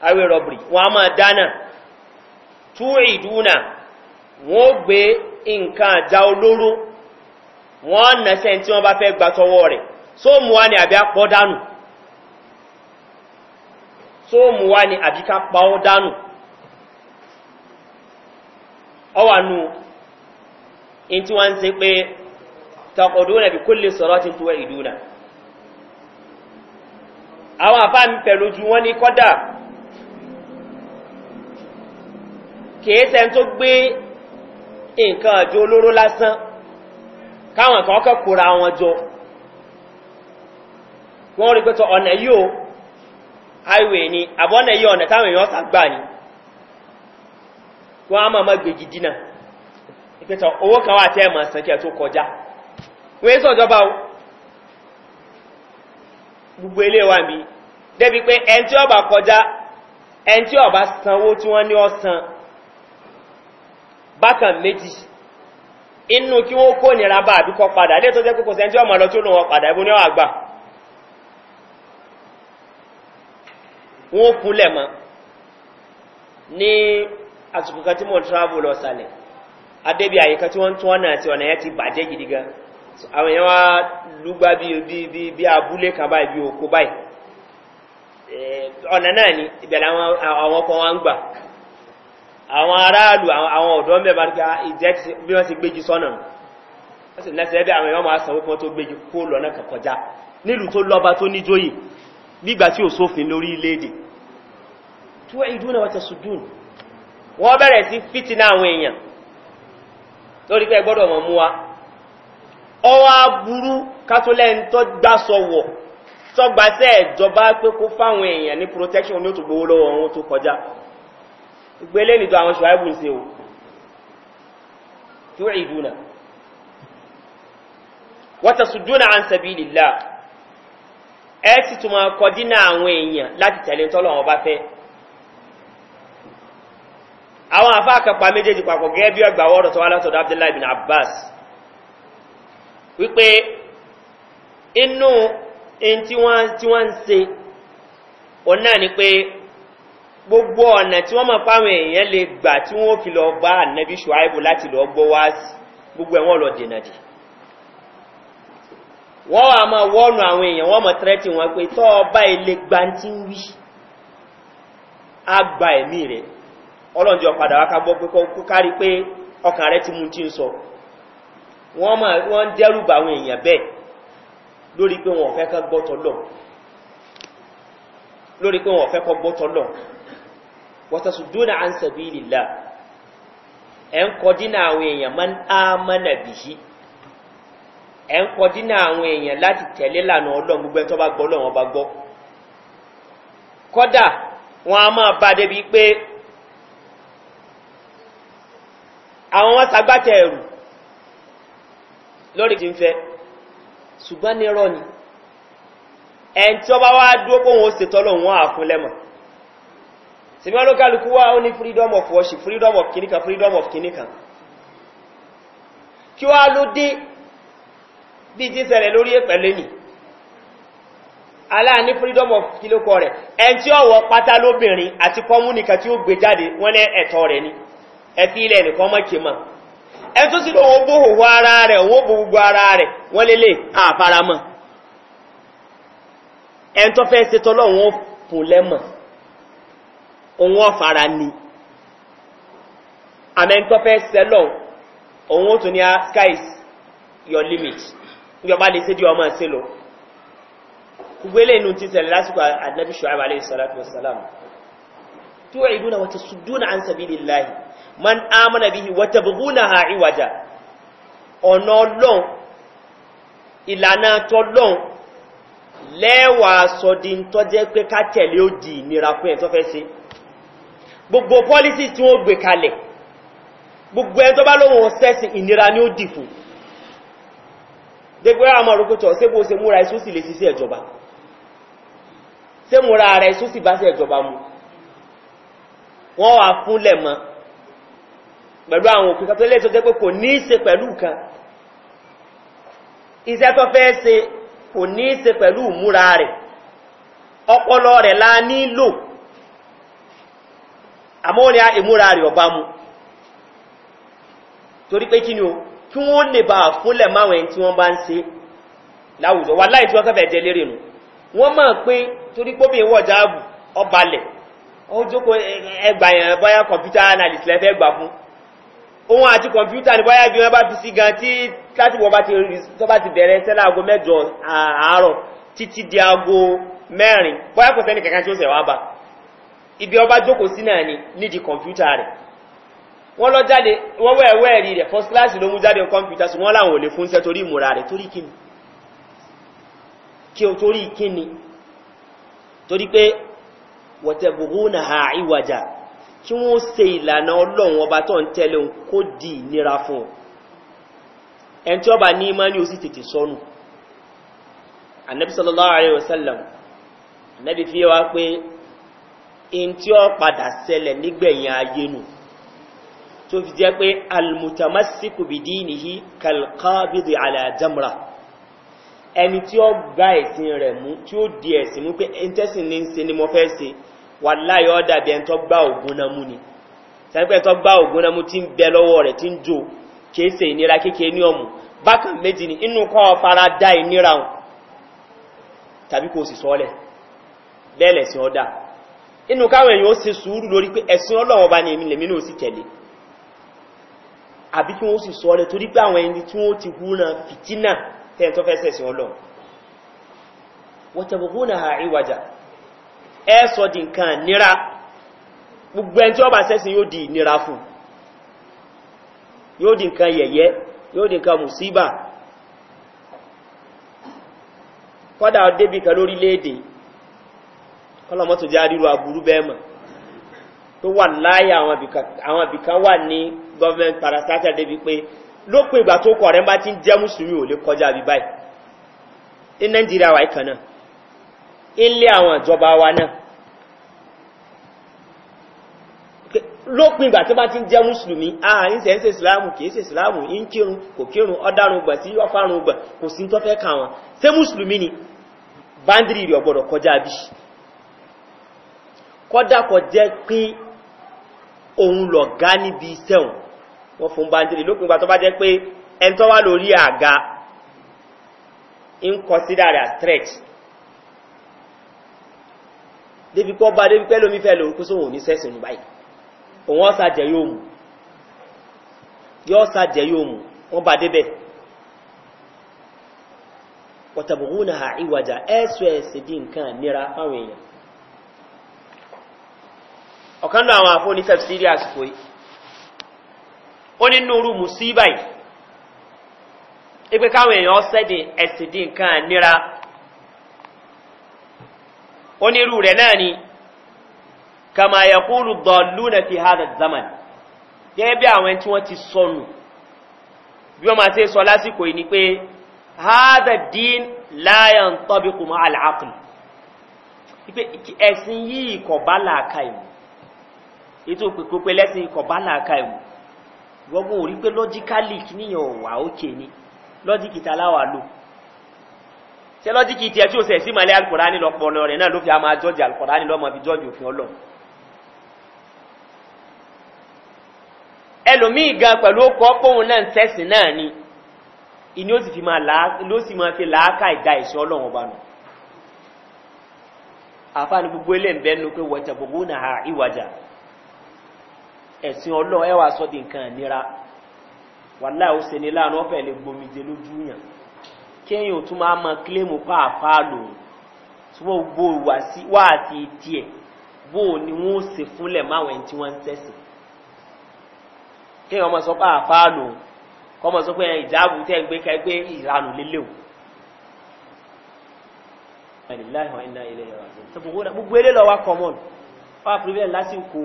awé rọ̀bìrì wọn a máa dáná tú ìdúnà wọn gbé nǹkan àjá olóró wọn nà tí wọ́n bá fẹ́ gbà tọwọ́ rẹ̀ sóòmù wá wá ní àbí dánù àwọn àfá ń pẹ̀lú ju wọn ní kọ́dà kìí tó gbé nǹkan àjò olóró lásán káwọn kan kọ́ kóra wọn jọ wọ́n rí pẹ́tọ̀ ọ̀nà yíò highway ni àbọ̀nà yóò ọ̀nà táwọn èèyàn sàgbà ni wọ́n á máa má gbèjì dínà ìpẹ́tọ̀ owó kan wà tó gbogbo ilé wa bi débi pé ẹn tí ọba kọjá ẹn tí ọba sanwó tí wọ́n ní ọ̀sán bákan méjì inú kí wọ́n kó nira bá àbíkọ padà lè tó jẹ́ kókò sẹ́ntí ọmọ lọ tí ó lò wọn wọ́n ní tí mo travel lọ sàlẹ̀ adébí àyíká tí wọ́n tún ọ̀nà yẹn àwọn èèyàn wá lúgbà bí abúlé kan báyìí bí òkú báyìí ọ̀nà náà ni ìbẹ̀rẹ̀ àwọn ọkọ̀ wọn ń gbà àwọn aráàlù àwọn ọ̀dọ́ mẹ́bà bí wọ́n ti gbéjì sọ́nà wọ́n sì lẹ́sẹ̀ ẹgbẹ́ àwọn èèyàn máa sanwó kí wọ́n tó gbéjì kó lọ́nà kan kọjá nílùú tó lọ́ba tó níjóyè nígbà tí ò sófin lórí iléèdè mọ̀ mú wa ọwọ́ aburú kátólẹ́ ń tọ́ gbá sọ̀wọ̀ tọ́gbàṣẹ́ ìjọba pé kó fáwọn èèyàn ní protection ní ó tó gbówó lọ́wọ́ wọn tó kọjá gbélé nìtò àwọn ṣùgbọ́n o tó ìdúnà wọ́ta sùdúnà à ń sẹ̀bí lìlá ẹ sì tún máa àwọn èèyàn láti tẹ̀lé tọ́lọ̀ wọn bá fẹ́ wípé inú in tí wọ́n ń se òun náà ni pé gbogbo ọ̀nà tí wọ́n mọ̀ fáwọn èèyàn lè gbà tí wọ́n fi lọ bá ànẹ́bí ṣùháìbù láti lọ gbọ́ wá sí gbogbo ẹ̀wọ̀n lọ dènà dì wọ́n wà máa wọ́nu àwọn èèyàn wọ́n mọ̀ tẹ́rẹ́tì wọn pé tọ́ ọba ilé gbanti ń wí á gba ẹ̀mí rẹ̀ ọlọ́njọ́ padà wákà gbọ́ pé kó kárí pé ọkàn rẹ̀ ti mú ti ń sọ wọ́n máa wọ́n ń dẹ́rùbà àwọn èèyàn bẹ́ẹ̀ lórí pé wọn ò fẹ́ kọ́ gbọ́tọ̀ lọ lórí pé wọn ò fẹ́ kọ́ gbọ́tọ̀ lọ wọ́tàṣù dúnà à ń sẹ̀bí ìlà ẹ̀ ń kọ́ dínà àwọn èèyàn máa ń á láti tẹ̀lé lànà ọlọ́run gbogbo ẹ̀ bá gbọ́ bá gbọ́ kọ́dà wọn a máa bá débi pé àwọn wọn sagbátẹ̀ ẹ̀rù lórí ti ń fẹ́ ṣùgbọ́n ní rọ́ ni ẹn tí ọba wá dúó kóhun ó ṣètọ́ lòun àfún lẹ́mọ̀ tí mọ́ lókàlùkú wá ó ní freedom of worship freedom of kìníkan freedom of kìníkan kí wá ló dé bí ti sẹ̀rẹ̀ lórí pẹ̀lú ni aláà ní freedom of kílókọ rẹ̀ ẹn tí ọwọ́ pátá lóbìnrin àti kọ́múnìkan tí ó gbé jáde wọ́n ní ẹ̀tọ́ rẹ̀ ni ẹ̀fí ilẹ̀ nìkan mọ́ mọ́ ẹ̀tọ́ sí lóòwò bóòwò ara rẹ̀ owó gbogbo ara rẹ̀ wọ́n lélẹ̀ àfaramọ́ ẹ̀ntọ́ fẹ́ ṣe tọ́lọ́ wọn pò lẹ́mọ̀ òun ọ̀fara ni àmẹ́ntọ́ fẹ́ sẹ́lọ̀ òun ó tún ní skies your limit ìjọba lè ṣe di ọmọ ṣe lọ gbogbo ilé inú ti sẹ̀lẹ̀ lásìkò àdínábíṣọ́ àbálẹ̀ ìsọ́lá tó ìdúnà wọ́n ti sùdúnà na lè man amana bihi wa tabghunaha iwaja ona olon ilana tolon lewa so din to je pe ka tele odi nira ku en to fe se gbogbo policy ti won gbe kale gbogbo en to ba lohun o se se inira ni odi fu de gbe amoru ko se bo se mura isu si le si se ejoba se mura ara isu si ba si ejoba mu won wa fun le pẹ̀lú àwọn òkú tó lè jẹ́ pé kò ní ṣe pẹ̀lú kan iṣẹ́ tó fẹ́ kò ní pẹ̀lú rẹ̀ ọpọlọ rẹ̀ la nílò àmọ́ ìmúra rẹ̀ torí pé kí ni o kí wọ́n lè bá fúnlẹ̀ máwọn tí wọ́n bá ń ṣe wà láì tí wọ́n kẹfẹ́ jẹ lérè nù wọ́n pé torí ọbalẹ̀ ẹgbàyàn báyà ohun àti kọ̀mpútà ní báyá bí wọ́n bá fi sí gan tí láti wọ́n bá ti bẹ̀rẹ̀ sẹ́lá aago mẹ́jọ àárọ̀ títí di aago mẹ́rin báyá kò sẹ́ni kankan tí ó sẹ̀ wá bá ibi ọba jókòó sí náà ni nídìí kọ̀mpútà rẹ̀ wọ́n lọ jáde wọ́n wẹ́ẹ̀wẹ́ rí rẹ̀ first class ló mú jáde kọ̀mpútà sí wọ́n láwọn ò lè fúnṣẹ́ torí ìmúra rẹ̀ torí kíni kí o torí kíni torí pé wọ́tẹ̀ gbogbo náà kí wọ́n se ìlànà ọlọ́run ọba tó ń tẹ́lẹ̀ òun kó di ìnira fún un ẹni tí ọba ní imani ó sì tètè sọnù anabi sallallahu alayhi wa sallam anabi fi wá pé ẹni tí ó padà sẹlẹ̀ nígbẹ̀yìn ayé tó fi jẹ́ pé almutamasiku bìdí nìyí kalkabidi alajamra ẹni tí ó gba ẹ̀sìn rẹ̀ mú tí ó di ẹ̀sìn mú pé ẹni ní ń ni mo fẹ́ se. wàláyé ọ́dà ẹn tó gbá ògùn ni sẹ́pẹ́ tó gbá ògùn náà mú tí ń bẹ lọ́wọ́ rẹ̀ tí ń jò kéèsè ìnira kéèké ní ọmù bákan méjì ni inú kan ọ̀fara dá ìnira hùn tàbí kò sì sọ́ọ̀lẹ̀ bẹ́ẹ̀lẹ̀ sí ọ́dà inú káwọn èèyàn ó sùúrù lórí pé ẹ̀sìn bá ní èmi lèmi náà sì tẹ̀lé àbí kí wọ́n sì torí pé àwọn ẹni tí ẹ di nǹkan nira gbogbo ẹni tí sẹ́sìn yóò di nira fún yóò di nǹkan yẹ̀yẹ́ yóò di nǹkan mùsíbà kọ́dà débì kan lórílẹ̀-èdè kọ́lọ̀mọ́tò jẹ́ àríru àbúrú bẹ́ẹ̀ tó wà láyé àwọn ibìkan wà ní government parastatal débi pé lópin ìgbà tó kọ̀ rẹ̀ bá ti ń jẹ́ mùsùlùmí ò lè kọjá àbí ní nàìjíríà wà ilé àwọn ìjọba wa náà lópin ìgbà tí bá ti ń jẹ́ mùsùlùmí ààrin sẹ́ ń se ìsìláàmù kìí se ìsìláàmù ń kírun kò kírun ọ̀darùn gbà sí ọ̀fàrùn gbà kò sí tó fẹ́ kà wọn sẹ́ mùsùlùmí ni báńdìrì rẹ̀ ọ̀gbọ̀dọ̀ kọjá bí kọ́dà kọ jẹ́ pé òun lọ gá níbi sẹ́wọ̀n wọ́n fún báńdìrì lópin ìgbà tó bá jẹ́ pé ẹn tó wá lórí àga ń consider as threat débi kọ́ bá débi pẹ́ lórí kó sóhun ní sẹ́sìn báyìí òun ọ̀sà jẹ yóò mú yóò sà jẹ yóò mú wọ́n bá débẹ̀ wọ́tàbùkún ha ìwàjà ẹ̀sùn ẹ̀sìn nǹkan nira fáwọn èèyàn ọ̀kan náà àwọn àfọ́ oníṣẹ́ sírí àsìkò ó ní núurú musíbà yìí ipe káwọn èèyàn nǹkan nira onírú rẹ̀ náà kama ya kúlù dọ̀lúnà fi hádà zaman gẹ́gẹ́ bí àwọn tí wọ́n ti sọnù bí wọ́n máa ṣe sọ lásìkò yìí ni pé hádà dín láyàn tọ́bí kùmọ́ aláàkùn ẹ̀sìn yìí kọ̀ bá làákà ìmù ètò ni lọ́jíkì lò ṣe lọ́jíkì tí ó sẹ̀ sí màlẹ́ lọ́pọ̀ náà ló fi ẹlòmíì gan pẹ̀lú ọkọ̀ pòun náà tẹ́sìn náà ni ìní ó sì fi máa láákà ìdá ìṣọ́ ọlọ́run ọba nù àfáàní gbogbo ilé ń bẹ́nu pé wọ́n tẹ̀gbogbo náà ha ìwàjà ẹ̀sìn ọlọ́ ẹwà sọ́dí nǹkan nira wà láì ṣe ní láàánú ọ̀fẹ́ lè gbomijé lójú yàn kéèyàn ò tún máa mọ kílẹ̀mù pàápàá lòun ṣùgbọ́n gbogbo wà àti tiẹ̀ bó ni wọ́n ó ṣe fúnlẹ̀ máwọn tí wọ́n ń tẹ̀sìn kí wọ́n mọ̀ sọ pé àfáà ah, lò kọ́ mọ̀ sọ pé eh, ìjáàbù tẹ́ ń gbé ká gbé ìranù lélẹ̀ o. àdìláì wọn iná ilé ìrọ̀ àti ìtọ́gbọ̀n gbogbo eré lọ wá kọ́mọ̀n wá pírífẹ́ lásìkò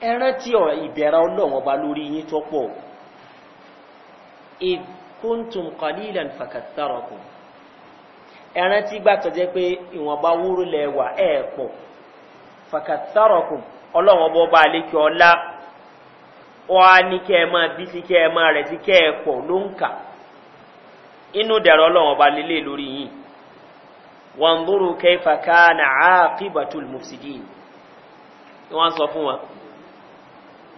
ẹran tí ọ̀ ìbẹ̀rẹ̀ ọlọ́wọ́n ba lórí yín tó pọ̀ ìkúntùm fàkàtàrọ̀kùn ẹran tí gbà tọ́jẹ́ pé ìwọ̀nba wúrú lẹ́wà ẹ̀ pọ̀ fàkàtàrọ̀kùn ọlọ́run ọba ọba àlékè ọlá wọ́n ní kẹ́ ẹ bí sí kẹ́ ẹ rẹ̀ sí kẹ́ ẹ ló ń kà inú dẹ̀rọ ọlọ́run ọba lélẹ̀ lórí yìí wọ́n dúró kẹfà wọ́n sọ fún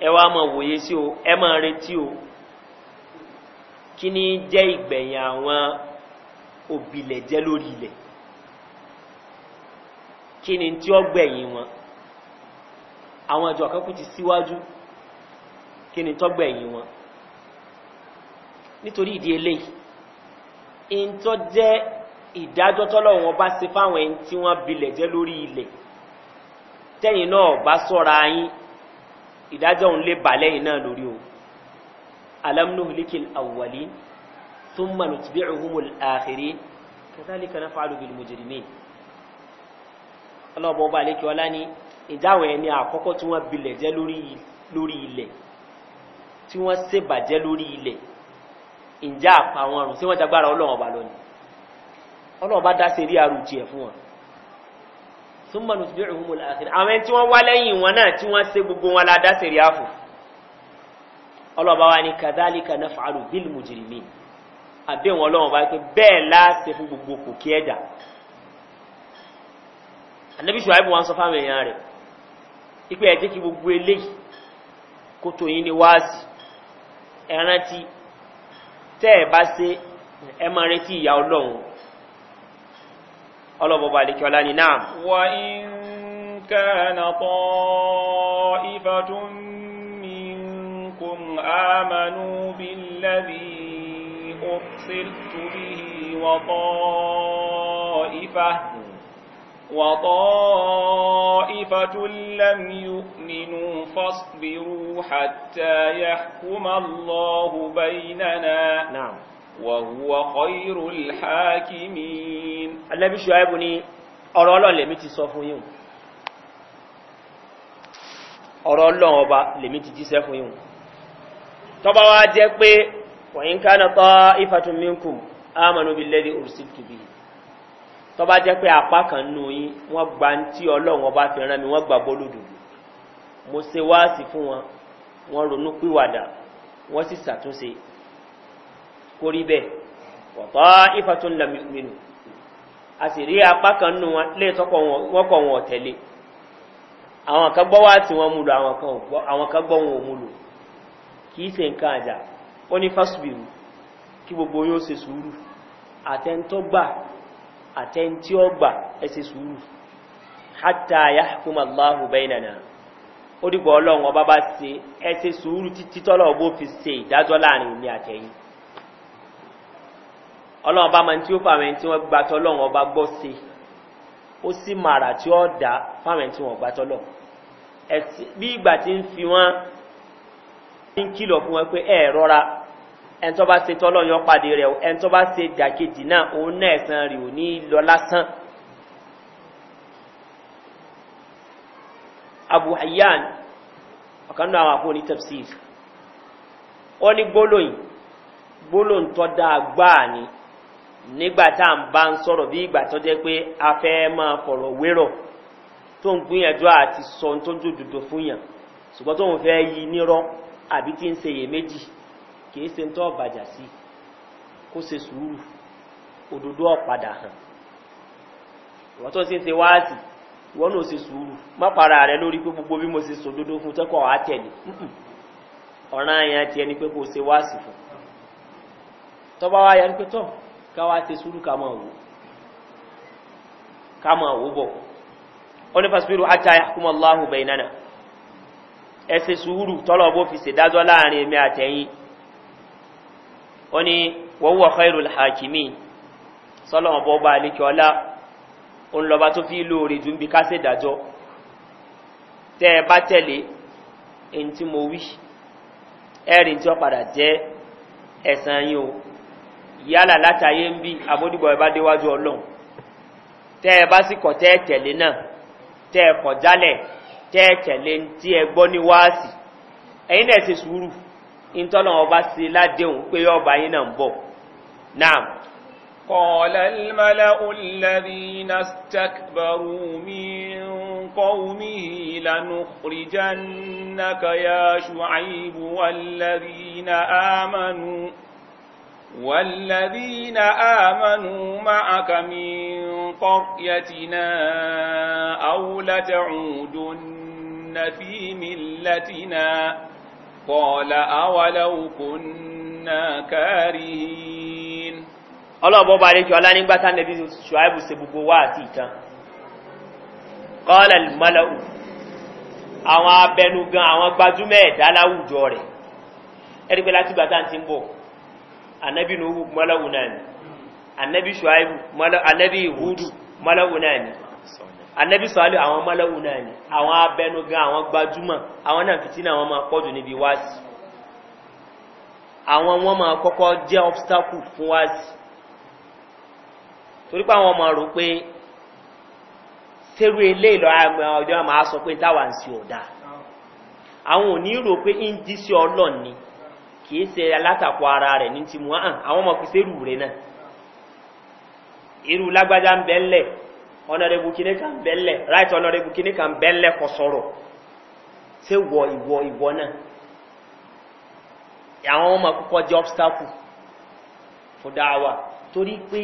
ẹ wá wòye sí o ẹ máa retí o kí ni jẹ́ ìgbẹ̀yìn àwọn òbílẹ̀ jẹ́ lórí ilẹ̀ kí ni tí ó gbẹ̀yìn wọn àwọn àjọ àkọ́kù ti síwájú kí ni tó gbẹ̀yìn wọn nítorí ìdí eléyìí in tó jẹ́ ìdájọ́ tọ́lọ̀ wọn bá se fáwọn ẹni tí wọ́n bilẹ̀ jẹ́ lórí ilẹ̀ tẹ́yìn náà bá sọ́ra yín ìdájọ́ òun lè bà lẹ́yìn náà lórí o alamnuhulikil awwalin ثم نتبعهم الآخرين كذلك نفعل بالمجرمين الله بابا عليك ولاني ìdáwọn ẹni àkọ́kọ́ tí wọ́n bilẹ̀ jẹ́ lórí ilẹ̀ tí wọ́n sèbàjẹ́ lórí ilẹ̀ ìjà àpá wọn rùn sí wọ́n jagbára ọlọ́run ọba lọ ni ọlọ́run bá dá sí rí àrùn tiẹ̀ fún wọn súnmọ́ ní tìbí ìhùn mọ́lá àṣírí àwọn ẹni tí wọ́n wá lẹ́yìn wọn náà tí wọ́n sé gbogbo wọn la rí àdéhùn ọlọ́run bá pé bẹ́ẹ̀ láti fún gbogbo kò kí ẹ̀dà ànábì ṣùgbọ́n wọn sọ fáwọn èèyàn rẹ̀ ipe ẹ̀jẹ̀ kí gbogbo eléyìí kó tó yín ní wáàsì ẹran ti tẹ́ ẹ̀ bá ṣe ẹ máa retí ìyá ọlọ́run ọlọ́bọ̀ bá ọlá ní náà. wà á ń tọ́ ìfàtún أرسلت به وطائفة وطائفة لم يؤمنوا فاصبروا حتى يحكم الله بيننا نعم وهو خير الحاكمين النبي شعيب ني ọ̀rọ̀ الله لم ti يوم. fún الله ọ̀rọ̀ ọlọ́run ọba lèmi ti jíṣẹ́ fún wọ̀nyí kánà tọ́ ìfàtún mínkù ámànú bí lẹ́dí òrùsìtì bí tọ́ bá jẹ́ pé apá kan nù yí wọ́n gba ń tí ọlọ́run ọba fi rán mi wọ́n gbà bọ́ lódòdó mo ṣe wáàsì fún wọn wọ́n ronú pìwàdà wọ́n sì ṣàtúnṣe kó rí bẹ́ẹ̀ wọ̀tọ́ ìfàtún lẹ́mìnú a sì rí apá kan nù wọn lé tọ́kọ̀ wọn ọ̀tẹ̀lé àwọn kan gbọ́ wá tí wọ́n múlò àwọn kan gbọ́ wọn ò múlò kì í ṣe nǹkan àjà ó ní fásbìrì kí gbogbo yóò se sùúrù àtẹ́ntọ́gbà àtẹ́ntí ọgbà ẹsẹ sùúrù hátà yáhùkúmà láhù bẹ́ẹ̀nàna ó dìgbò ọlọ́run ọba bá se ẹsẹ sùúrù títí tọ́lọ̀ ọgbó fi se ìdájọ́ láàrin ní àtẹ̀yìn ọlọ́run ọba máa tí ó fàwọn tí wọ́n ẹni tó bá ṣe tọ́lọ́ yọ pàdé rẹ̀ ẹni tó bá ṣe dàkejì náà òun náà ẹ̀sán rẹ̀ ò ní lọ lásán. abu hayyan ọ̀kan náà àwọn àfọwọ́ni tafsir ó ní gbólóyìn gbólóhùn tó dáa gbáà ni nígbà tá à ń bá ń sọ̀rọ̀ bí ìgbà tó jẹ́ pé a fẹ́ máa fọ̀rọ̀ wérọ̀ tó ń gbìyànjú àti sọ tó ń jòdòdò fún yàn ṣùgbọ́n tó ń fẹ́ yí nírọ́ àbí tí ń ṣe iyèméjì. kìí ṣe ń tọ́ bàjà sí kó ṣe sùúrù òdodo ọ̀padà hàn ìwọ́n tó ṣe ń ṣe wáàsì ìwọ́n náà ṣe sùúrù má para rẹ lórí pé gbogbo bí mo ṣe sòdodo fún tẹ́kọ̀ á tẹ̀lé ọ̀ràn àyàn tiẹ̀ ni pé kó fún tọ́ba wa yẹn pé tọ́ ká wá sùúrù ká máa wò ká máa wò bọ̀ ní bẹ̀yìn ẹ sùúrù tọ́lọ̀ bó fi láàrin èmi àtẹ̀yìn ó ní wọ́wọ́ khairul hakimi sọ́lọ́wọ́n bọ́ bá alékẹ́ ọlá òun lọ́ba tó fi lóore dùn bí ká ṣèdájọ́ tẹ́ ẹ bá tẹ̀lé ẹni tí mo wí ẹ̀rìn tí ó padà jẹ́ ẹ̀sán yín o yálà látàyé ń bí abódìgbọ̀ ẹ bá déwájú ọlọ́run tẹ́ ẹ bá sì kọ̀ tẹ́ ẹ tẹ̀lé náà tẹ́ ẹ kọ̀ jálẹ̀ tẹ́ ẹ tẹ̀lé tí ẹ gbọ́ ní wáàsì ẹ̀yin náà ṣe sùúrù ìtọ́nà ọba sí ládéhùn pé ọba yín náà ń bọ̀ قال الملأ الذين استكبروا من قومه لنخرجنك يا شعيب والذين آمنوا والذين آمنوا معك من قريتنا أو لتعودن في ملتنا قال أولو كنا كارهين الله بابا عليك ولا نبات النبي شعيب سبقواتي قال الملأ àwọn abẹnugan àwọn gbajúmẹ̀ ẹ̀dá láwùjọ rẹ̀ ẹ̀rí pé láti gbàtà ti ń bọ̀ anabi nuhu mọ́láwù náà ni anabi shuaibu anabi hudu mọ́láwù náà ni anẹ́bí sọ́lú àwọn mọ́lẹ́wù náà ni àwọn abẹnugan àwọn gbajúmọ̀ àwọn náà fìtí náà wọ́n máa pọ̀jù níbi wáàsì àwọn wọ́n máa kọ́kọ́ jẹ́ obstacle fún wáàsì torí pé àwọn rò pé sẹ́rù ilé ìlọ ọjọ́ máa sọ pé táwa ń sí àwọn ò ní ara rẹ̀ ní ti mú àwọn ọmọ sẹ́rù rẹ̀ náà irú lágbájá honorable kini kan bẹ́lẹ̀ right honorable kini kan bẹ́lẹ̀ kọ sọ̀rọ̀ ṣe wọ ìwọ ìwọ náà àwọn ọmọ akọ́kọ́ jẹ́ obstacle fún dáwà torí pé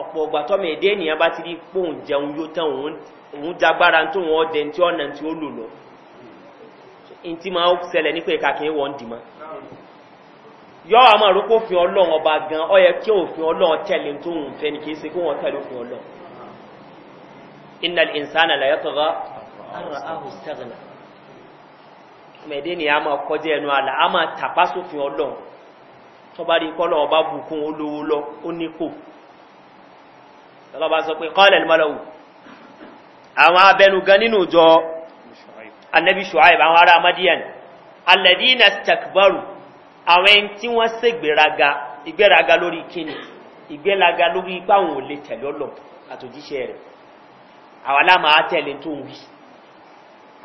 ọ̀pọ̀ meede tọ́mọ èdè ènìyàn bá ti rí pòun jẹun yóò tán òun jagbára tó tí tí ó lò lọ ọba gan ọ yẹ kí òfin ọlọ́run tẹ̀lé fẹ́ إن الإنسان لا yatgha an ra'ahu istaghna mede ni ama koje enu ala ama tapasu fi olohun to ba ri ko lo ba bukun olowo lo oni ko lọba sọ pé qala al malawu àwọn abẹnu nínú ìjọ annabi shuaib àwọn ará madian alladina stakbaru àwọn ẹni tí wọ́n ṣe ìgbéraga ìgbéraga lórí kíni ìgbéraga lórí ipá ò àwọn aláàmà àtẹ̀lé tó ń wí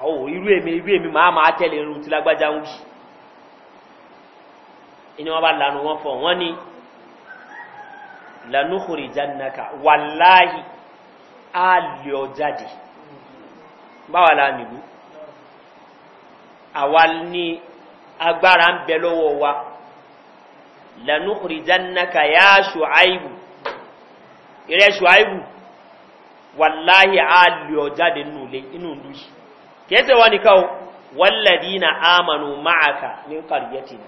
àwọ̀ irú èmi irú èmi máa máa tẹ̀lé irun tí lágbájá ń wí inú wọn bá lanu wọn fọ wọn ni lanúkùrì jannaka wàláhì á lè ọ jáde báwa la nìlú àwa ni agbára ń bẹ lọ́wọ́ wa lanúkùrì jannaka yá ṣùáìbù ìrẹ́ ṣùáìbù wàláyé àlè ọ̀jáde inú ìlú yìí kẹsẹ̀ wá ní káwọ́ wàlàdí na àmànù máàkà ní kàríyẹ́tì ni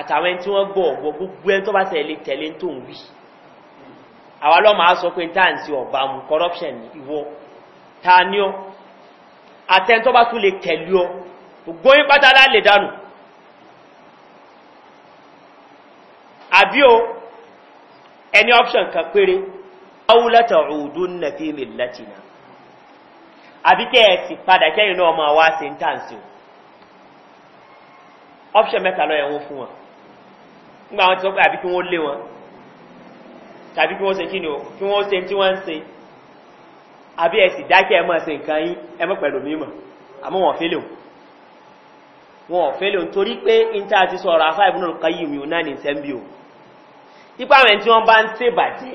àtàwọn tí wọ́n gbọ́ ọ̀gbọ́ gbogbo ẹni tó bá tẹ̀lé tẹ̀lé tó ń wí àwa lọ́mọ á sọ pé táǹsì ọ̀bà mu corruption ìwọ ta ni ọ àtẹ̀ntọ́ bá tún lè tẹ̀lé ọ gbogbo yín pátá lálẹ́ àbí o ẹni option kan péré awulata ọdún na fi millatina àbí kẹ́ ẹ̀ ti padà kẹ́yìn náà máa wá sí ntànsì option mẹ́ta lọ́yẹ̀ wọ́n fún wọn nígbà wọn ti sọ pé àbí kí wọ́n lé wọn tàbí kí wọ́n se kíni o kí wọ́n se tí wọ́n ń se àbí ẹ̀ sì dákẹ́ ẹ̀ máa se nǹkan yín ẹ mọ́ pẹ̀lú mímọ̀ àmọ́ wọn fẹ́lẹ̀ wọn wọn fẹ́lẹ̀ torí pé níta ti sọ̀rọ̀ afáìbùnú kan yìí mi ò náà ní sẹ́ńbì o ipa rẹ̀ tí wọ́n bá ń tèbàjẹ́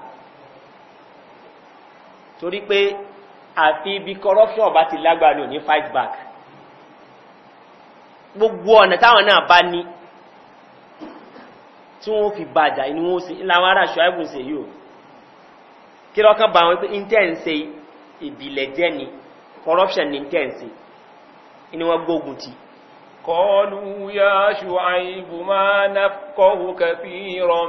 torí pé àfi ibi corruption ọba ti lágbára ní fight back gbogbo ọ̀nà táwọn náà bá ní tí wọ́n fi bàjá inú wọn sí ilá wọn aráṣọ ẹ̀bùn sí yìí o kí lọ́kàn bá wọn pé intense ìbílẹ̀ jẹ́ ni corruption ni intense inú wọn gbógun ti. قالوا يا شعيب ما نفقه كثيرا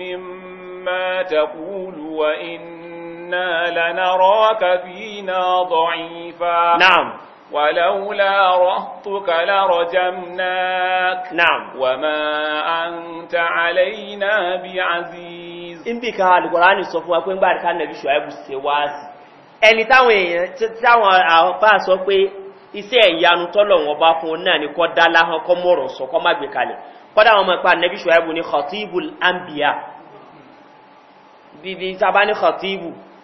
مما تقول وإن إنا لنراك فينا ضعيفا نعم ولولا رهطك لرجمناك نعم وما أنت علينا بعزيز إن بك القرآن الصفوة كون بارك النبي شعيب السواس ẹni táwọn èèyàn táwọn àpá sọ pé iṣẹ́ ìyanu tọ́lọ̀ wọn bá fún náà ni kọ́ dá láhán kọ́ mọ̀rọ̀ sọ kọ́ má gbé kalẹ̀ kọ́dá wọn mọ̀ pa nẹ́bí ṣọ́ẹ́bù ní khatibu ambia bíbi tàbá ní khatibu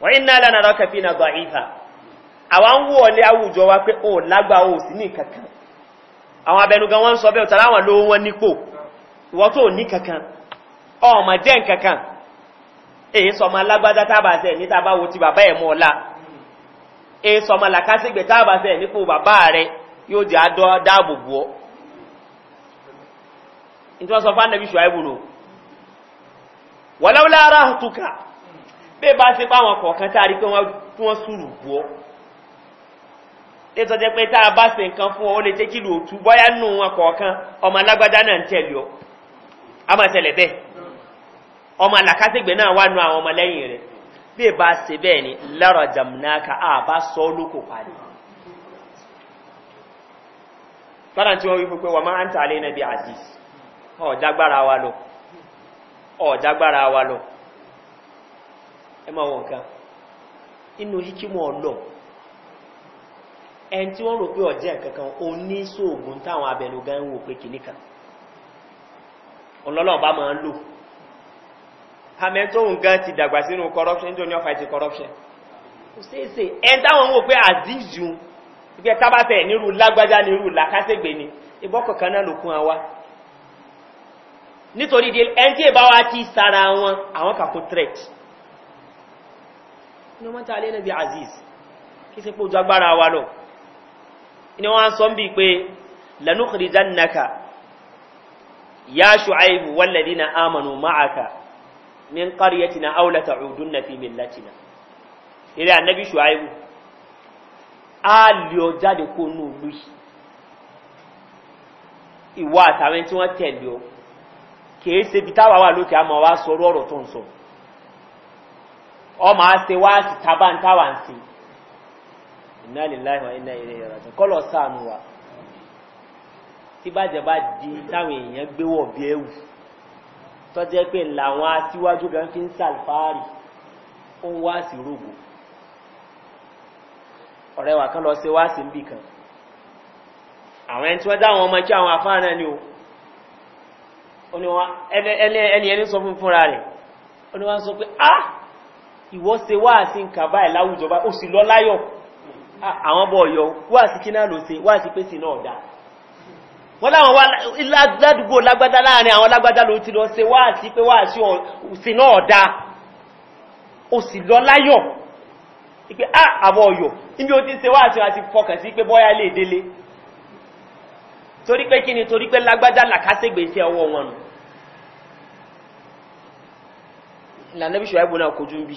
wọ́n iná lánàá lọ́kẹ́ fi náà gba ìfà àwọn wa pé ó lágbà ó sí ní kankan àwọn abẹnugan wọn sọ bẹ́ẹ̀ tàbí àwọn lówó wọn nípò ìwọ́n tó ní kankan ọmọ jẹ́ nkankan èyí ma alágbádá tábàtẹ̀ ní tábàwò ti bàbá ẹ̀ mọ́ ọ̀la èyí sọmọ làkásígbè tábàtẹ̀ nípò bàbá rẹ̀ yóò jẹ́ àdọ́ dáàbò wọ́n tuka bẹ́ẹ̀ bá ṣe páwọn kọ̀ọ̀kan tàà rí pé wọ́n sùúrù bú ọ́ tẹ́tọ́ jẹ́ pé tàà bá ṣe nǹkan fún ọ lè jẹ́ kí lò tú bọ́yá nù wọn kọ̀ọ̀kan ọmọ alágbádá náà ń tẹ̀lé ọ a máa tẹ̀lẹ̀ bẹ́ẹ̀ ọmọ àlàkásẹ̀gbẹ̀ náà wà nù àwọn ọmọlẹ́yìn rẹ̀ bẹ́ẹ̀ bá ṣe bẹ́ẹ̀ ni lọ́rọ̀ jàmùnáka a bá sọ ọ́ lóko parí ẹ máa wọn nǹkan inú hikimọ̀ ọlọ́ ẹni tí wọ́n rò pé ọ̀jẹ́ kankan oníṣòògùn táwọn abẹnugan ń wò pé kìíní kan ọlọ́lọ́ bá máa ń lò hamilton gan ti dàgbà sínú corruption nítorí ọ̀fà ti corruption kò ṣeéṣe ẹni táwọn ń wò pé azizu ìgbẹ́ tábàtẹ̀ nírú lágbájá nírú làkásẹ̀gbẹ̀ ni ìbọ́kọ̀ kan náà ló kún wa nítorí ẹni tí ìbáwá ti sára wọn àwọn kàkó threat inú mọ́ta alẹ́ nàbí aziz kí sí pé ojú agbára wa lọ inú wọn sọ ń bí pé lanukrijan naka ya ṣù'aibu walladi na amanu ma'aka min ƙaryati na aulata udun na fi millatina ilẹ̀ annabi ṣù'aibu a lè ọ jáde kó nù lù ìwà àtàwọn tí wọ́n tẹ̀lé kìí ṣe bí táwà wà lókè àmọ́ wá sọ ọ̀rọ̀ tó ń sọ̀rọ̀ ọmọ ase wáàsì tabantawansi iná líláì wọn iná ilé yọrọ tó kọlọ sáànù wa tí bàjẹ́ bá di táwọn èèyàn gbé wọ̀ bí ẹ̀wù tọ́jẹ́ pé làwọn aṣíwájú gan fi ń sàlfàárì ó ń wáàsì rògbò ọ̀rẹ́ wa kan lọ sí wáàsì ń bì kan àwọn ẹni tí wọ́n dá àwọn ọmọ ẹkẹ́ àwọn afárá ni o ẹni ẹni sọ fún fúnra rẹ̀ ó ní wọ́n sọ pé ah ìwọ́ se wáàsí nǹkan báyìí láwùjọba ó sì lọ láyọ̀ àwọn bọ̀ yọ wáàsí kí náà ló se wáàsí pé sí náà dá wọ́n láwọn wá lágbádá láàrin àwọn lágbádá ló ti lọ se pé sí náà dá ó sì lọ láyọ̀ ìpé àbọ̀ ó ti se àti sí pé bọ́yá lè délé torí pé kí ni torí pé lágbádá ọwọ́ wọn ìlànà bí ṣùgbọ́n ẹ̀bùn náà kojú ń bí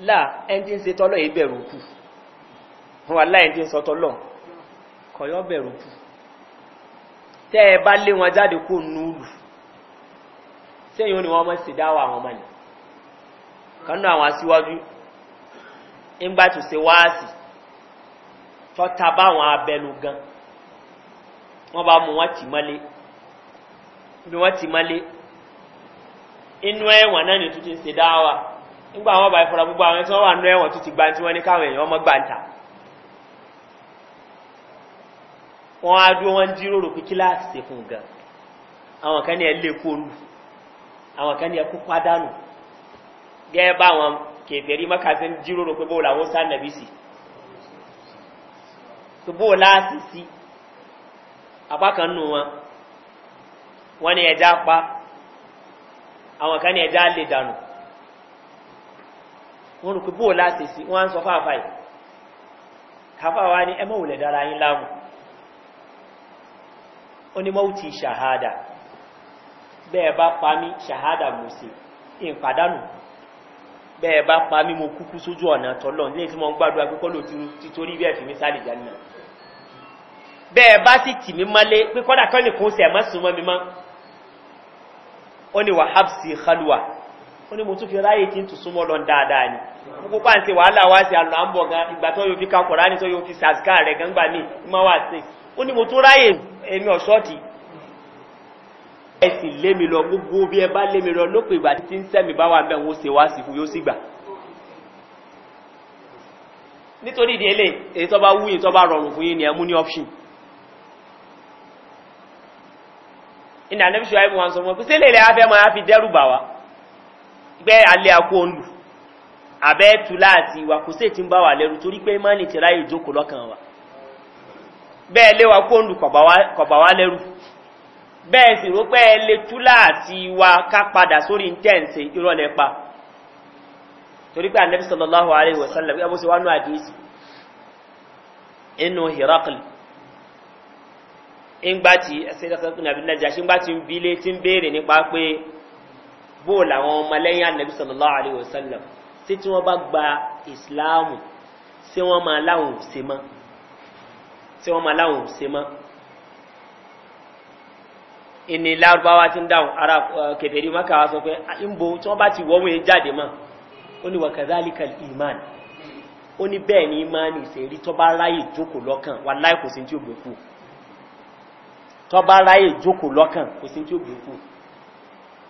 láà ẹni tí ń se tọ́lọ̀ yìí bẹ̀rù kù wà láì tí ń sọ tọ́lọ̀ kọ̀yọ́ bẹ̀rù kù tẹ́ ẹ bá lé wọn jáde kó núùlù sẹ́yìn ni wọn mọ̀ sí dáwọ́ àwọn ọmọ yìí kan náà àwọn aṣíwájú ńgbà tó ṣe wáàsì tọ́ta báwọn abẹnu gan wọ́n bá mú wọn tì mọ́lé bí wọ́n mọ́lé inú ẹ̀wọ̀n náà ni tuntun ṣe nígbà àwọn bàbá ìfọ̀rọ̀ gbogbo àwọn tí wọ́n wà ní ẹ̀wọ̀n tó ti gba tí wọ́n ní káwọn èèyàn ọmọ gbàǹtà wọ́n á dúró wọ́n jíròrò pé kíláàsì ṣe fún gan àwọn kan ní ẹ lè kólu àwọn kan ní ẹ pádánù gẹ́gẹ́ bá àwọn kèfèrí mọ́kàtí jíròrò pé bóòlù àwọn sáà nàbí sí tó bóòlù láàsì sí apákan nù wọn wọ́n ní ẹja pa àwọn kan ní ẹja lè dànù wọ́n rò pé bóò láti sí wọ́n á ń sọ fáfá yìí kàfá wa ni ẹmọ́ òlẹ̀ dára yín láàmù ó ní mọ́wù ti ṣàhádà bẹ́ẹ̀ bá pa ṣàhádà mò sí ìpàdánù bẹ́ẹ̀ bá pa mí mo kúkú sójú ọ̀nà tọ́lọ̀ nílé tí mo ń gbádùn agbẹ́kọ́ lò ti torí bí ẹ̀fì mi sálì jáde náà bẹ́ẹ̀ bá sì tì mí mọ́lé pé ní wàhábsì ó ní mo tún fi ráyè tí ń tù súnmọ́ lọ dáadáa ni kókó pàǹtí wàhálà wá sí àlọ́ àmbọ̀ gan ìgbà tó yóò fi ka kọ̀rá ní tó yóò fi sàzíkà rẹ̀ gan gbà mí má sí ó ní mo tún ráyè èmi ọ̀ṣọ́ọ̀tì ẹ sì mi lọ gbogbo bí ẹ bá lé mi lọ lópin ìgbà tí ń sẹ́mi bá wà bẹ́ẹ̀ ń ṣe wá sí fún yóò sì gbà nítorí ìdí ẹlẹ́ èyí tó bá wú yìí tó bá rọrùn fún yìí ni ẹmú ní option ìnà nẹ́bíṣọ́ ẹ̀mú wọn sọ fún ọ pé sílẹ̀ ilẹ̀ afẹ́ máa fi dẹ́rù bà wá pẹ́ alẹ́ akóòlù àbẹ́ẹ̀tù láti ìwà kò sí ètí wà lẹ́rù torí pé ti ìjókòó lọ́kàn wa bẹ́ẹ̀ léwa kóòlù kọ̀bà wá lẹ́rù bẹ́ẹ̀ sì rò pé ẹlẹ tú láti wa ká padà sórí ntẹ́ǹsẹ̀ ìrọ̀lẹ́ pa torí pé anabi sallallahu bóò làwọn ọmọlẹ́yìn anabi sallallahu alayhi wa sallam tí tí wọ́n bá gba ìsìláàmù tí wọ́n máa láwọn ò mọ́ tí wọ́n máa láwọn ò mọ́ ìní lárúbáwá ti ń dáhùn ara sọ pé ìbò tí wọ́n bá ti wọ́n jáde mọ́ ó ní wàkàdálíkà ó ní ni ìmánì ìṣèrí tó bá ráyè jókòó lọ́kàn wà láì kò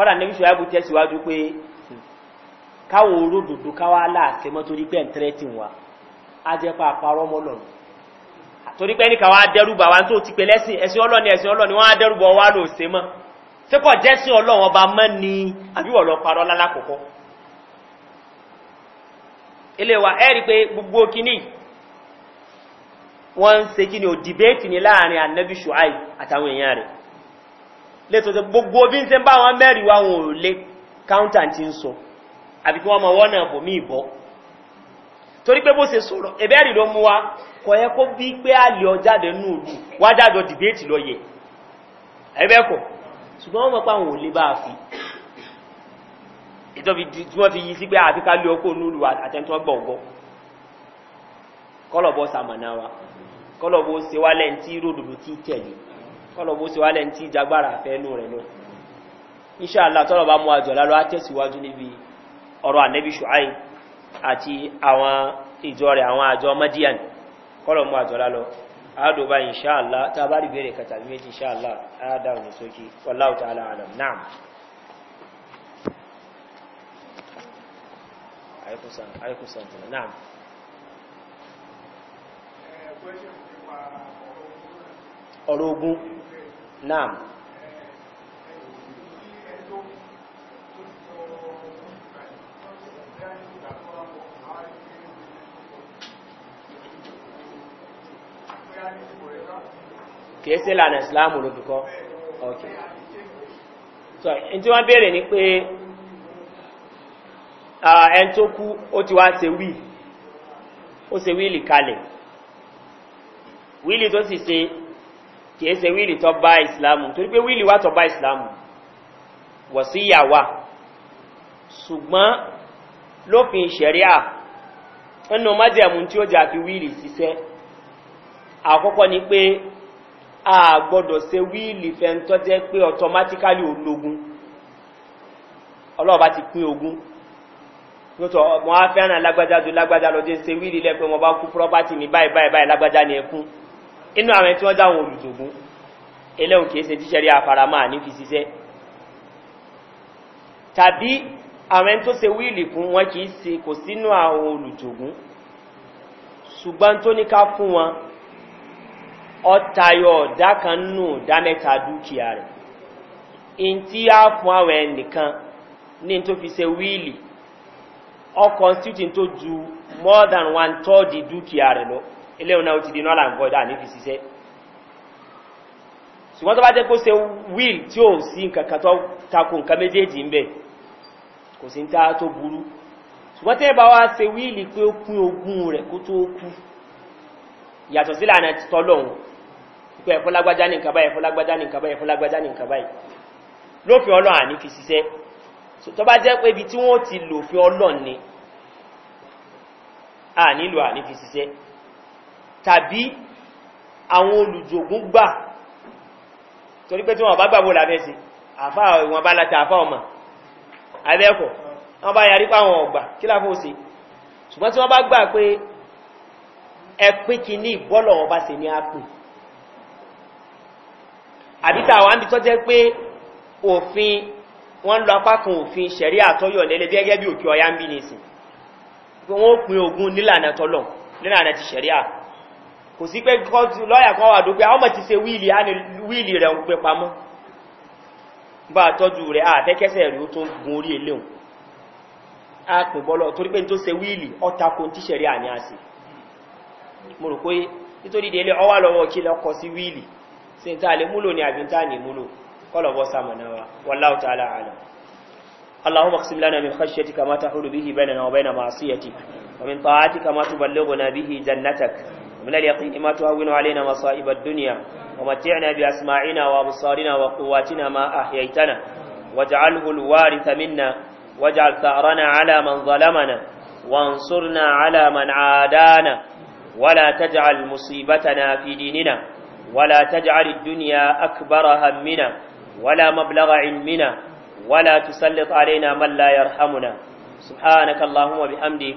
kọ́dà níbi ṣòyàbù tẹ̀síwájú pé káwọn olódodo káwá láàṣẹ mọ́ torí pé ǹtẹ́rẹ́ tì wá á jẹ́ pa àparọ́ mọ́ lọ́nà torí pé nìkan wá dẹ́rùbà wá tó ti pè lẹ́sìn ẹ̀sìn ọlọ́ni ẹ̀sìn ọlọ́ni wọ́n á dẹ́rùbà mọ́ jẹ́ sí mọ́ ni lẹ́tọ̀ọ́sẹ̀ gbogbo bí n ṣe bá wọn mẹ́rin wá wọn ò lé káúntà ti ń sọ àbí kí wọ́n wọ́n náà bò mí ìbọ́ torí pé bó ṣe sọ̀rọ̀ ẹ̀bẹ́rì ló mú wa kọ̀ ẹ́ kó bí pé àlè ọjáde nù lù wájájọ dìbéètì lọ yẹ ẹ̀bẹ́kọ̀ ṣùgbọ́n wọ́n mọ̀ pé àwọn ò lè bá a fi ìjọbi tí wọ́n fi yí sí pé àfi ká lé ọkọ̀ nù lù àtẹ̀ntàn gbọ̀ngàn kọ́lọ̀ bọ́ sàmọ̀nà wa kọ́lọ̀ bó ṣe wálẹ̀ ní tí ròdòdò tí tẹ̀lé kọlọ̀bó sí wálẹ̀ tí ìjagbára àfẹ́nú rẹ̀ lọ inṣàlá tọ́lọ̀ bá mú àjọ lálọ́ àtẹ̀síwájú níbi ọ̀rọ̀ ànẹ́bí ṣùáì àti àwọn ìjọ rẹ̀ àwọn àjọ madian kọlọ̀ mú àjọ lálọ́ àádọ́bá inṣàlá tá a bá rí bèrè kàtà ọ̀rọ̀ ogun Naam. kìí sí lànà ìsìláàmù ló fi kọ́ ok so in tí wọ́n bèèrè ní pé ẹn tó kú ó ti wá se wíì ó se wíìlì kalẹ̀ wíìlì tó sì se kìí ṣe wíìlì tó bá ìsìlámù torí pé wíìlì wà tó bá ìsìlámù wọ̀ sí yàwá ṣùgbọ́n lófin ìṣẹ̀ríà ẹnu májẹ̀mú tí ó jà fi wíìlì ṣiṣẹ́ àkọ́kọ́ ni pé a gbọ́dọ̀ ṣe wíìlì fẹ́ntọ́ jẹ́ pé ọ̀tọ́mátíkálì ológun ọlọ́ọ̀bá ti pín ogun lótọ́ wọn á fẹ́ràn lágbájá ju lágbájá lọ́dún ṣe wíìlì lẹ́pẹ́ wọn bá kú pírọ́pátì ní báyìí báyìí lágbájá ni ẹkún inú àwọn tí wọ́n dáwọn olùtògún eléhùn kìí se tíṣẹ́rí àfàramà ní fi ṣiṣẹ́ tàbí àwọn tó se wíìlì fún wọn kìí se kò sínú àwọn olùtògún ṣùgbọ́n tó ní ká fún wọn ọtayọ ọ̀dá kan nù dámẹ́ta dúkìá rẹ̀ in tí á fún àwọn ẹnìkan ní tó fi se wíìlì ọkọ̀ constitution tó ju more than one third dúkìá rẹ̀ lọ. No? eléyìí náà ó ti di nọ́là ń gọ́dá ní fi ṣiṣẹ́ ṣùgbọ́n tó bá jẹ́ kó ṣe wíl tí ó ń sí nǹkan kan tó takò nǹkan méjèèjì ń bẹ̀ kò sí ń ta tó burú ṣùgbọ́n tẹ́ bá wá ṣe wíìlì pé ó pín ogún rẹ̀ kó tó kú yàtọ̀ sí lànà tọ́lọ̀hún pé ẹ̀fọ́ lágbájá ní nǹkan báyìí ẹ̀fọ́ lágbájá ní ní fi ṣiṣẹ́ tàbí àwọn olùjògún gbà torí pé tí wọ́n bá gbàgbò làbẹ́sì àfá ìwọ̀n bá láti àfá ọmọ abẹ́ẹ̀kọ́ wọ́n bá yarí pàwọn ọgbà kí láfó sí ṣùgbọ́n tí wọ́n bá gbà pé ẹpín kì ní ìbọ́lọ̀ ọba sí ní ápùn àbíta àwọn àbí tọ́jẹ́ pé òfin wọ́n lọ apá kan òfin ṣẹ̀rí àtọ́yọ̀ lẹ́lẹ́ bí gẹ́gẹ́ bí òkè ọya ń bí nìsìn wọ́n ó pin ogun nílànà tọ́lọ̀ nílànà ti ṣẹ̀rí àtọ́ kò sí pé lọ́yà kan wà dúpẹ́ àwọn ti se wíìlì wíìlì rẹ̀ ń pẹ pamọ́ bá tọ́jú rẹ̀ àtẹ́kẹ́sẹ̀ rẹ̀ ó tó gun orí eléhùn a pè bọ́lọ̀ torí pé tó se wíìlì ọ́tako tíṣẹ̀ rí àní àsì mo pé nítorí délé ọwá lọ́wọ́ kí lọ́kọ sí wíìlì sí ta lè múlò ní àbí ní múlò اللهم اقسم لنا من خشيتك ما تحول به بيننا وبين معصيتك ومن طاعتك ما تبلغنا به جنتك ومن اليقين ما تهون علينا مصائب الدنيا ومتعنا بأسماعنا وأبصارنا وقواتنا ما أحييتنا واجعله الوارث منا واجعل ثأرنا على من ظلمنا وانصرنا على من عادانا ولا تجعل مصيبتنا في ديننا ولا تجعل الدنيا أكبر همنا ولا مبلغ علمنا ولا تسلط علينا من لا يرحمنا سبحانك اللهم وبحمدك